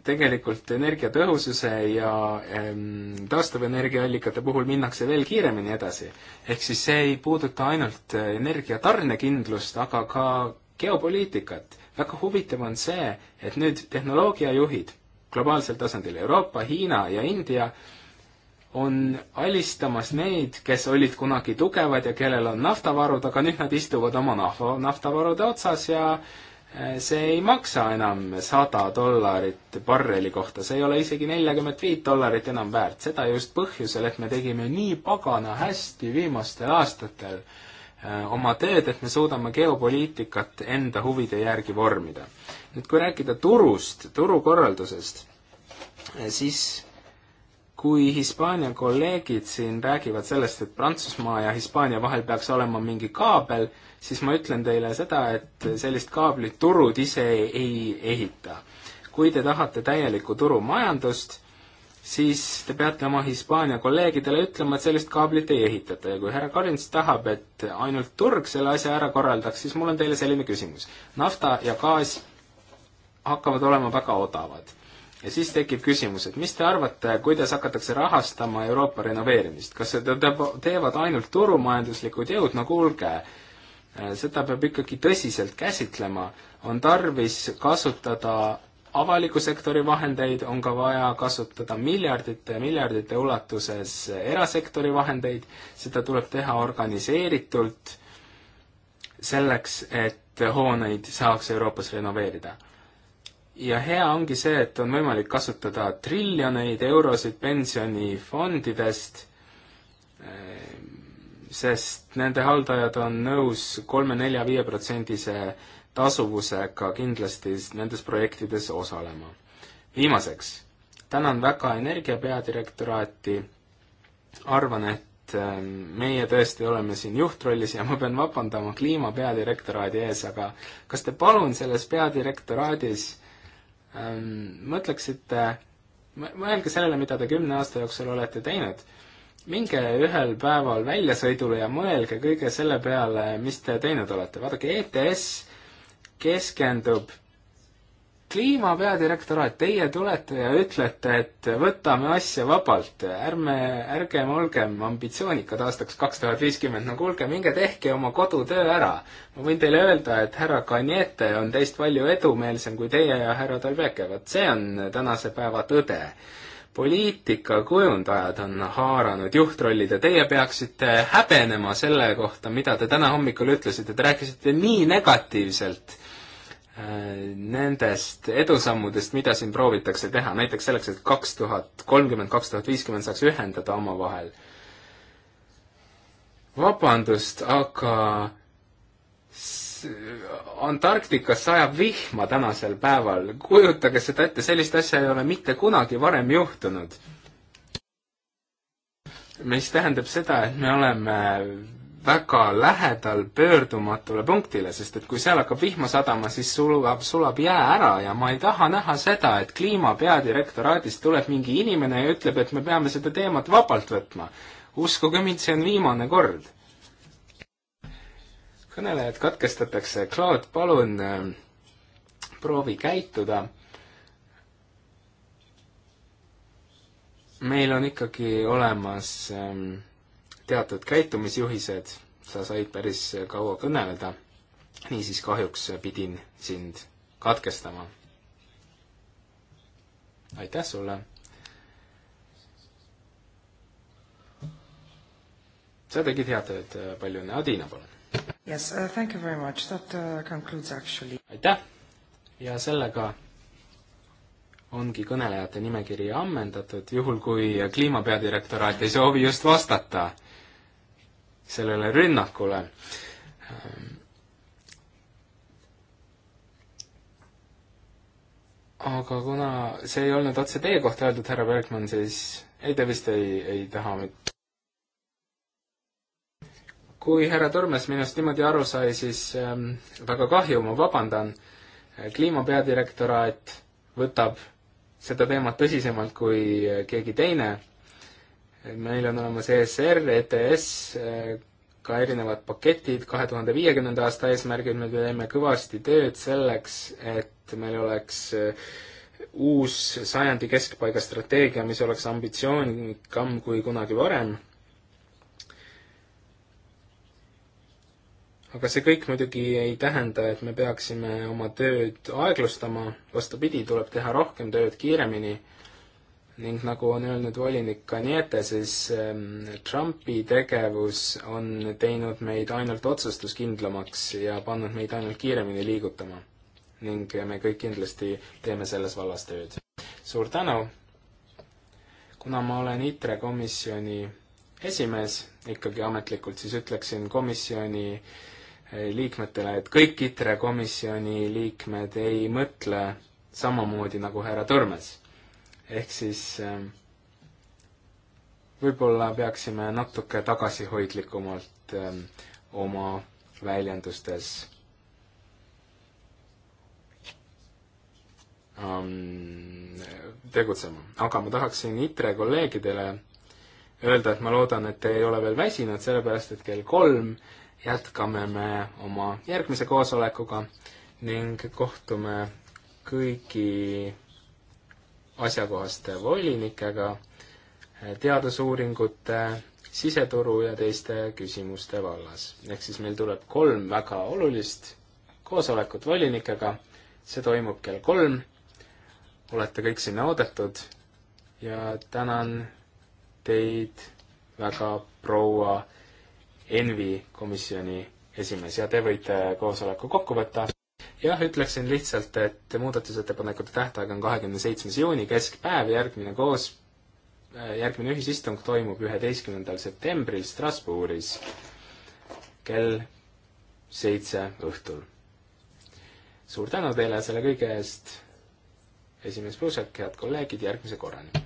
tegelikult energiatõhususe ja ähm, taastuvenergiaallikate puhul minnakse veel kiiremini edasi. ehk siis see ei puuduta ainult energia tarnekindlust, aga ka geopoliitikat. väga huvitav on see, et nüüd tehnoloogiajuhid globaalsel tasandil, Euroopa, Hiina ja India, on alistamas neid, kes olid kunagi tugevad ja kellel on naftavarud, aga nüüd nad istuvad oma nahva, naftavarude otsas ja äh, Eh, see ei maksa enam sada dollarit barreli kohta, see ei ole isegi neljakümmet viit dollarit enam väärt, seda just põhjusel, et me tegime nii pagana hästi viimastel aastatel eh, oma tööd, et me suudame geopoliitikat enda huvide järgi vormida. nüüd kui rääkida turust, turukorraldusest, eh, siis kui Hispaania kolleegid siin räägivad sellest, et Prantsusmaa ja Hispaania vahel peaks olema mingi kaabel, siis ma ütlen teile seda, et sellist kaablit turud ise ei ehita. kui te tahate täielikku turumajandust, siis te peate oma Hispaania kolleegidele ütlema, et sellist kaablit ei ehitata ja kui härra Karins tahab, et ainult turg selle asja ära korraldaks, siis mul on teile selline küsimus. nafta ja gaas hakkavad olema väga odavad ja siis tekib küsimus, et mis te arvate, kuidas hakatakse rahastama Euroopa renoveerimist, kas seda teevad ainult turumajanduslikud jõud, no kuulge, seda peab ikkagi tõsiselt käsitlema, on tarvis kasutada avaliku sektori vahendeid, on ka vaja kasutada miljardite ja miljardite ulatuses erasektori vahendeid, seda tuleb teha organiseeritult, selleks et hooneid saaks Euroopas renoveerida ja hea ongi see, et on võimalik kasutada triljoneid eurosid pensionifondidest, ehm, sest nende haldajad on nõus kolme, nelja, viieprotsendise tasuvusega kindlasti nendes projektides osalema. viimaseks, tänan väga Energia peadirektoraati, arvan, et ehm, meie tõesti oleme siin juhtrollis ja ma pean vabandama kliima peadirektoraadi ees, aga kas te palun selles peadirektoraadis Ähm, mõtleksite, mõelge sellele, mida te kümne aasta jooksul olete teinud. minge ühel päeval väljasõidule ja mõelge kõige selle peale, mis te teinud olete. vaadake, ETS keskendub kliimapeadirektoraat, teie tulete ja ütlete, et võtame asja vabalt, ärme, ärgem olgem ambitsioonikad aastaks kaks tuhat viiskümmend, no kuulge, minge tehke oma kodutöö ära. ma võin teile öelda, et härra Kaniete on teist palju edumeelsem kui teie ja härra Talbeke, vot see on tänase päeva tõde. poliitikakujundajad on haaranud juhtrollid ja teie peaksite häbenema selle kohta, mida te täna hommikul ütlesite, te rääkisite nii negatiivselt nendest edusammudest, mida siin proovitakse teha, näiteks selleks, et kaks tuhat kolmkümmend, kaks tuhat viiskümmend saaks ühendada omavahel. vabandust, aga Antarktikas sajab vihma tänasel päeval, kujutage seda ette, sellist asja ei ole mitte kunagi varem juhtunud. mis tähendab seda, et me oleme väga lähedal pöördumatule punktile, sest et kui seal hakkab vihma sadama, siis sulab, sulab jää ära ja ma ei taha näha seda, et kliima peadirektoraadist tuleb mingi inimene ja ütleb, et me peame seda teemat vabalt võtma. uskuge mind, see on viimane kord. kõnelejad katkestatakse, Claude, palun ähm, proovi käituda meil on ikkagi olemas ähm, teatud käitumisjuhised, sa said päris kaua kõneleda, niisiis kahjuks pidin sind katkestama. aitäh sulle! sa tegid head tööd, palju õnne, Adina, palun! Yes uh,, thank you very much, that uh, concludes actually. aitäh! ja sellega ongi kõnelejate nimekiri ammendatud, juhul kui kliimapeadirektoraat ei soovi just vastata sellele rünnakule. aga kuna see ei olnud otse teie kohta öeldud, härra Bergmann, siis ei, te vist ei, ei taha mitte? kui härra Tormes minust niimoodi aru sai, siis ähm, väga kahju, ma vabandan. kliima peadirektoraat võtab seda teemat tõsisemalt kui äh, keegi teine meil on olemas ESR, ETS, ka erinevad paketid, kahe tuhande viiekümnenda aasta eesmärgil me teeme kõvasti tööd selleks, et meil oleks eh, uus sajandi keskpaiga strateegia, mis oleks ambitsioonikam kui kunagi varem. aga see kõik muidugi ei tähenda, et me peaksime oma tööd aeglustama, vastupidi, tuleb teha rohkem tööd kiiremini ning nagu on öelnud volinik Kaniete, siis ehm, Trumpi tegevus on teinud meid ainult otsustuskindlamaks ja pannud meid ainult kiiremini liigutama. ning me kõik kindlasti teeme selles vallas tööd. suur tänu! kuna ma olen ITRE komisjoni esimees ikkagi ametlikult, siis ütleksin komisjoni eh, liikmetele, et kõik ITRE komisjoni liikmed ei mõtle samamoodi nagu härra Tõrmes ehk siis ähm, võib-olla peaksime natuke tagasihoidlikumalt ähm, oma väljendustes ähm, tegutsema. aga ma tahaksin ITRE kolleegidele öelda, et ma loodan, et te ei ole veel väsinud, sellepärast et kell kolm jätkame me oma järgmise koosolekuga ning kohtume kõigi asjakohaste volinikega eh, teadusuuringute, siseturu ja teiste küsimuste vallas. ehk siis meil tuleb kolm väga olulist koosolekut volinikega, see toimub kell kolm, olete kõik sinna oodatud ja tänan teid väga, proua Envi komisjoni esimees ja te võite koosoleku kokku võtta jah, ütleksin lihtsalt, et muudatusettepanekute tähtaeg on kahekümne seitsmes juuni, keskpäev, järgmine koos, äh, järgmine ühisistung toimub üheteistkümnendal septembril Strasbourgis kell seitse õhtul. suur tänu teile selle kõige eest, esimees Pluusek, head kolleegid, järgmise korrani!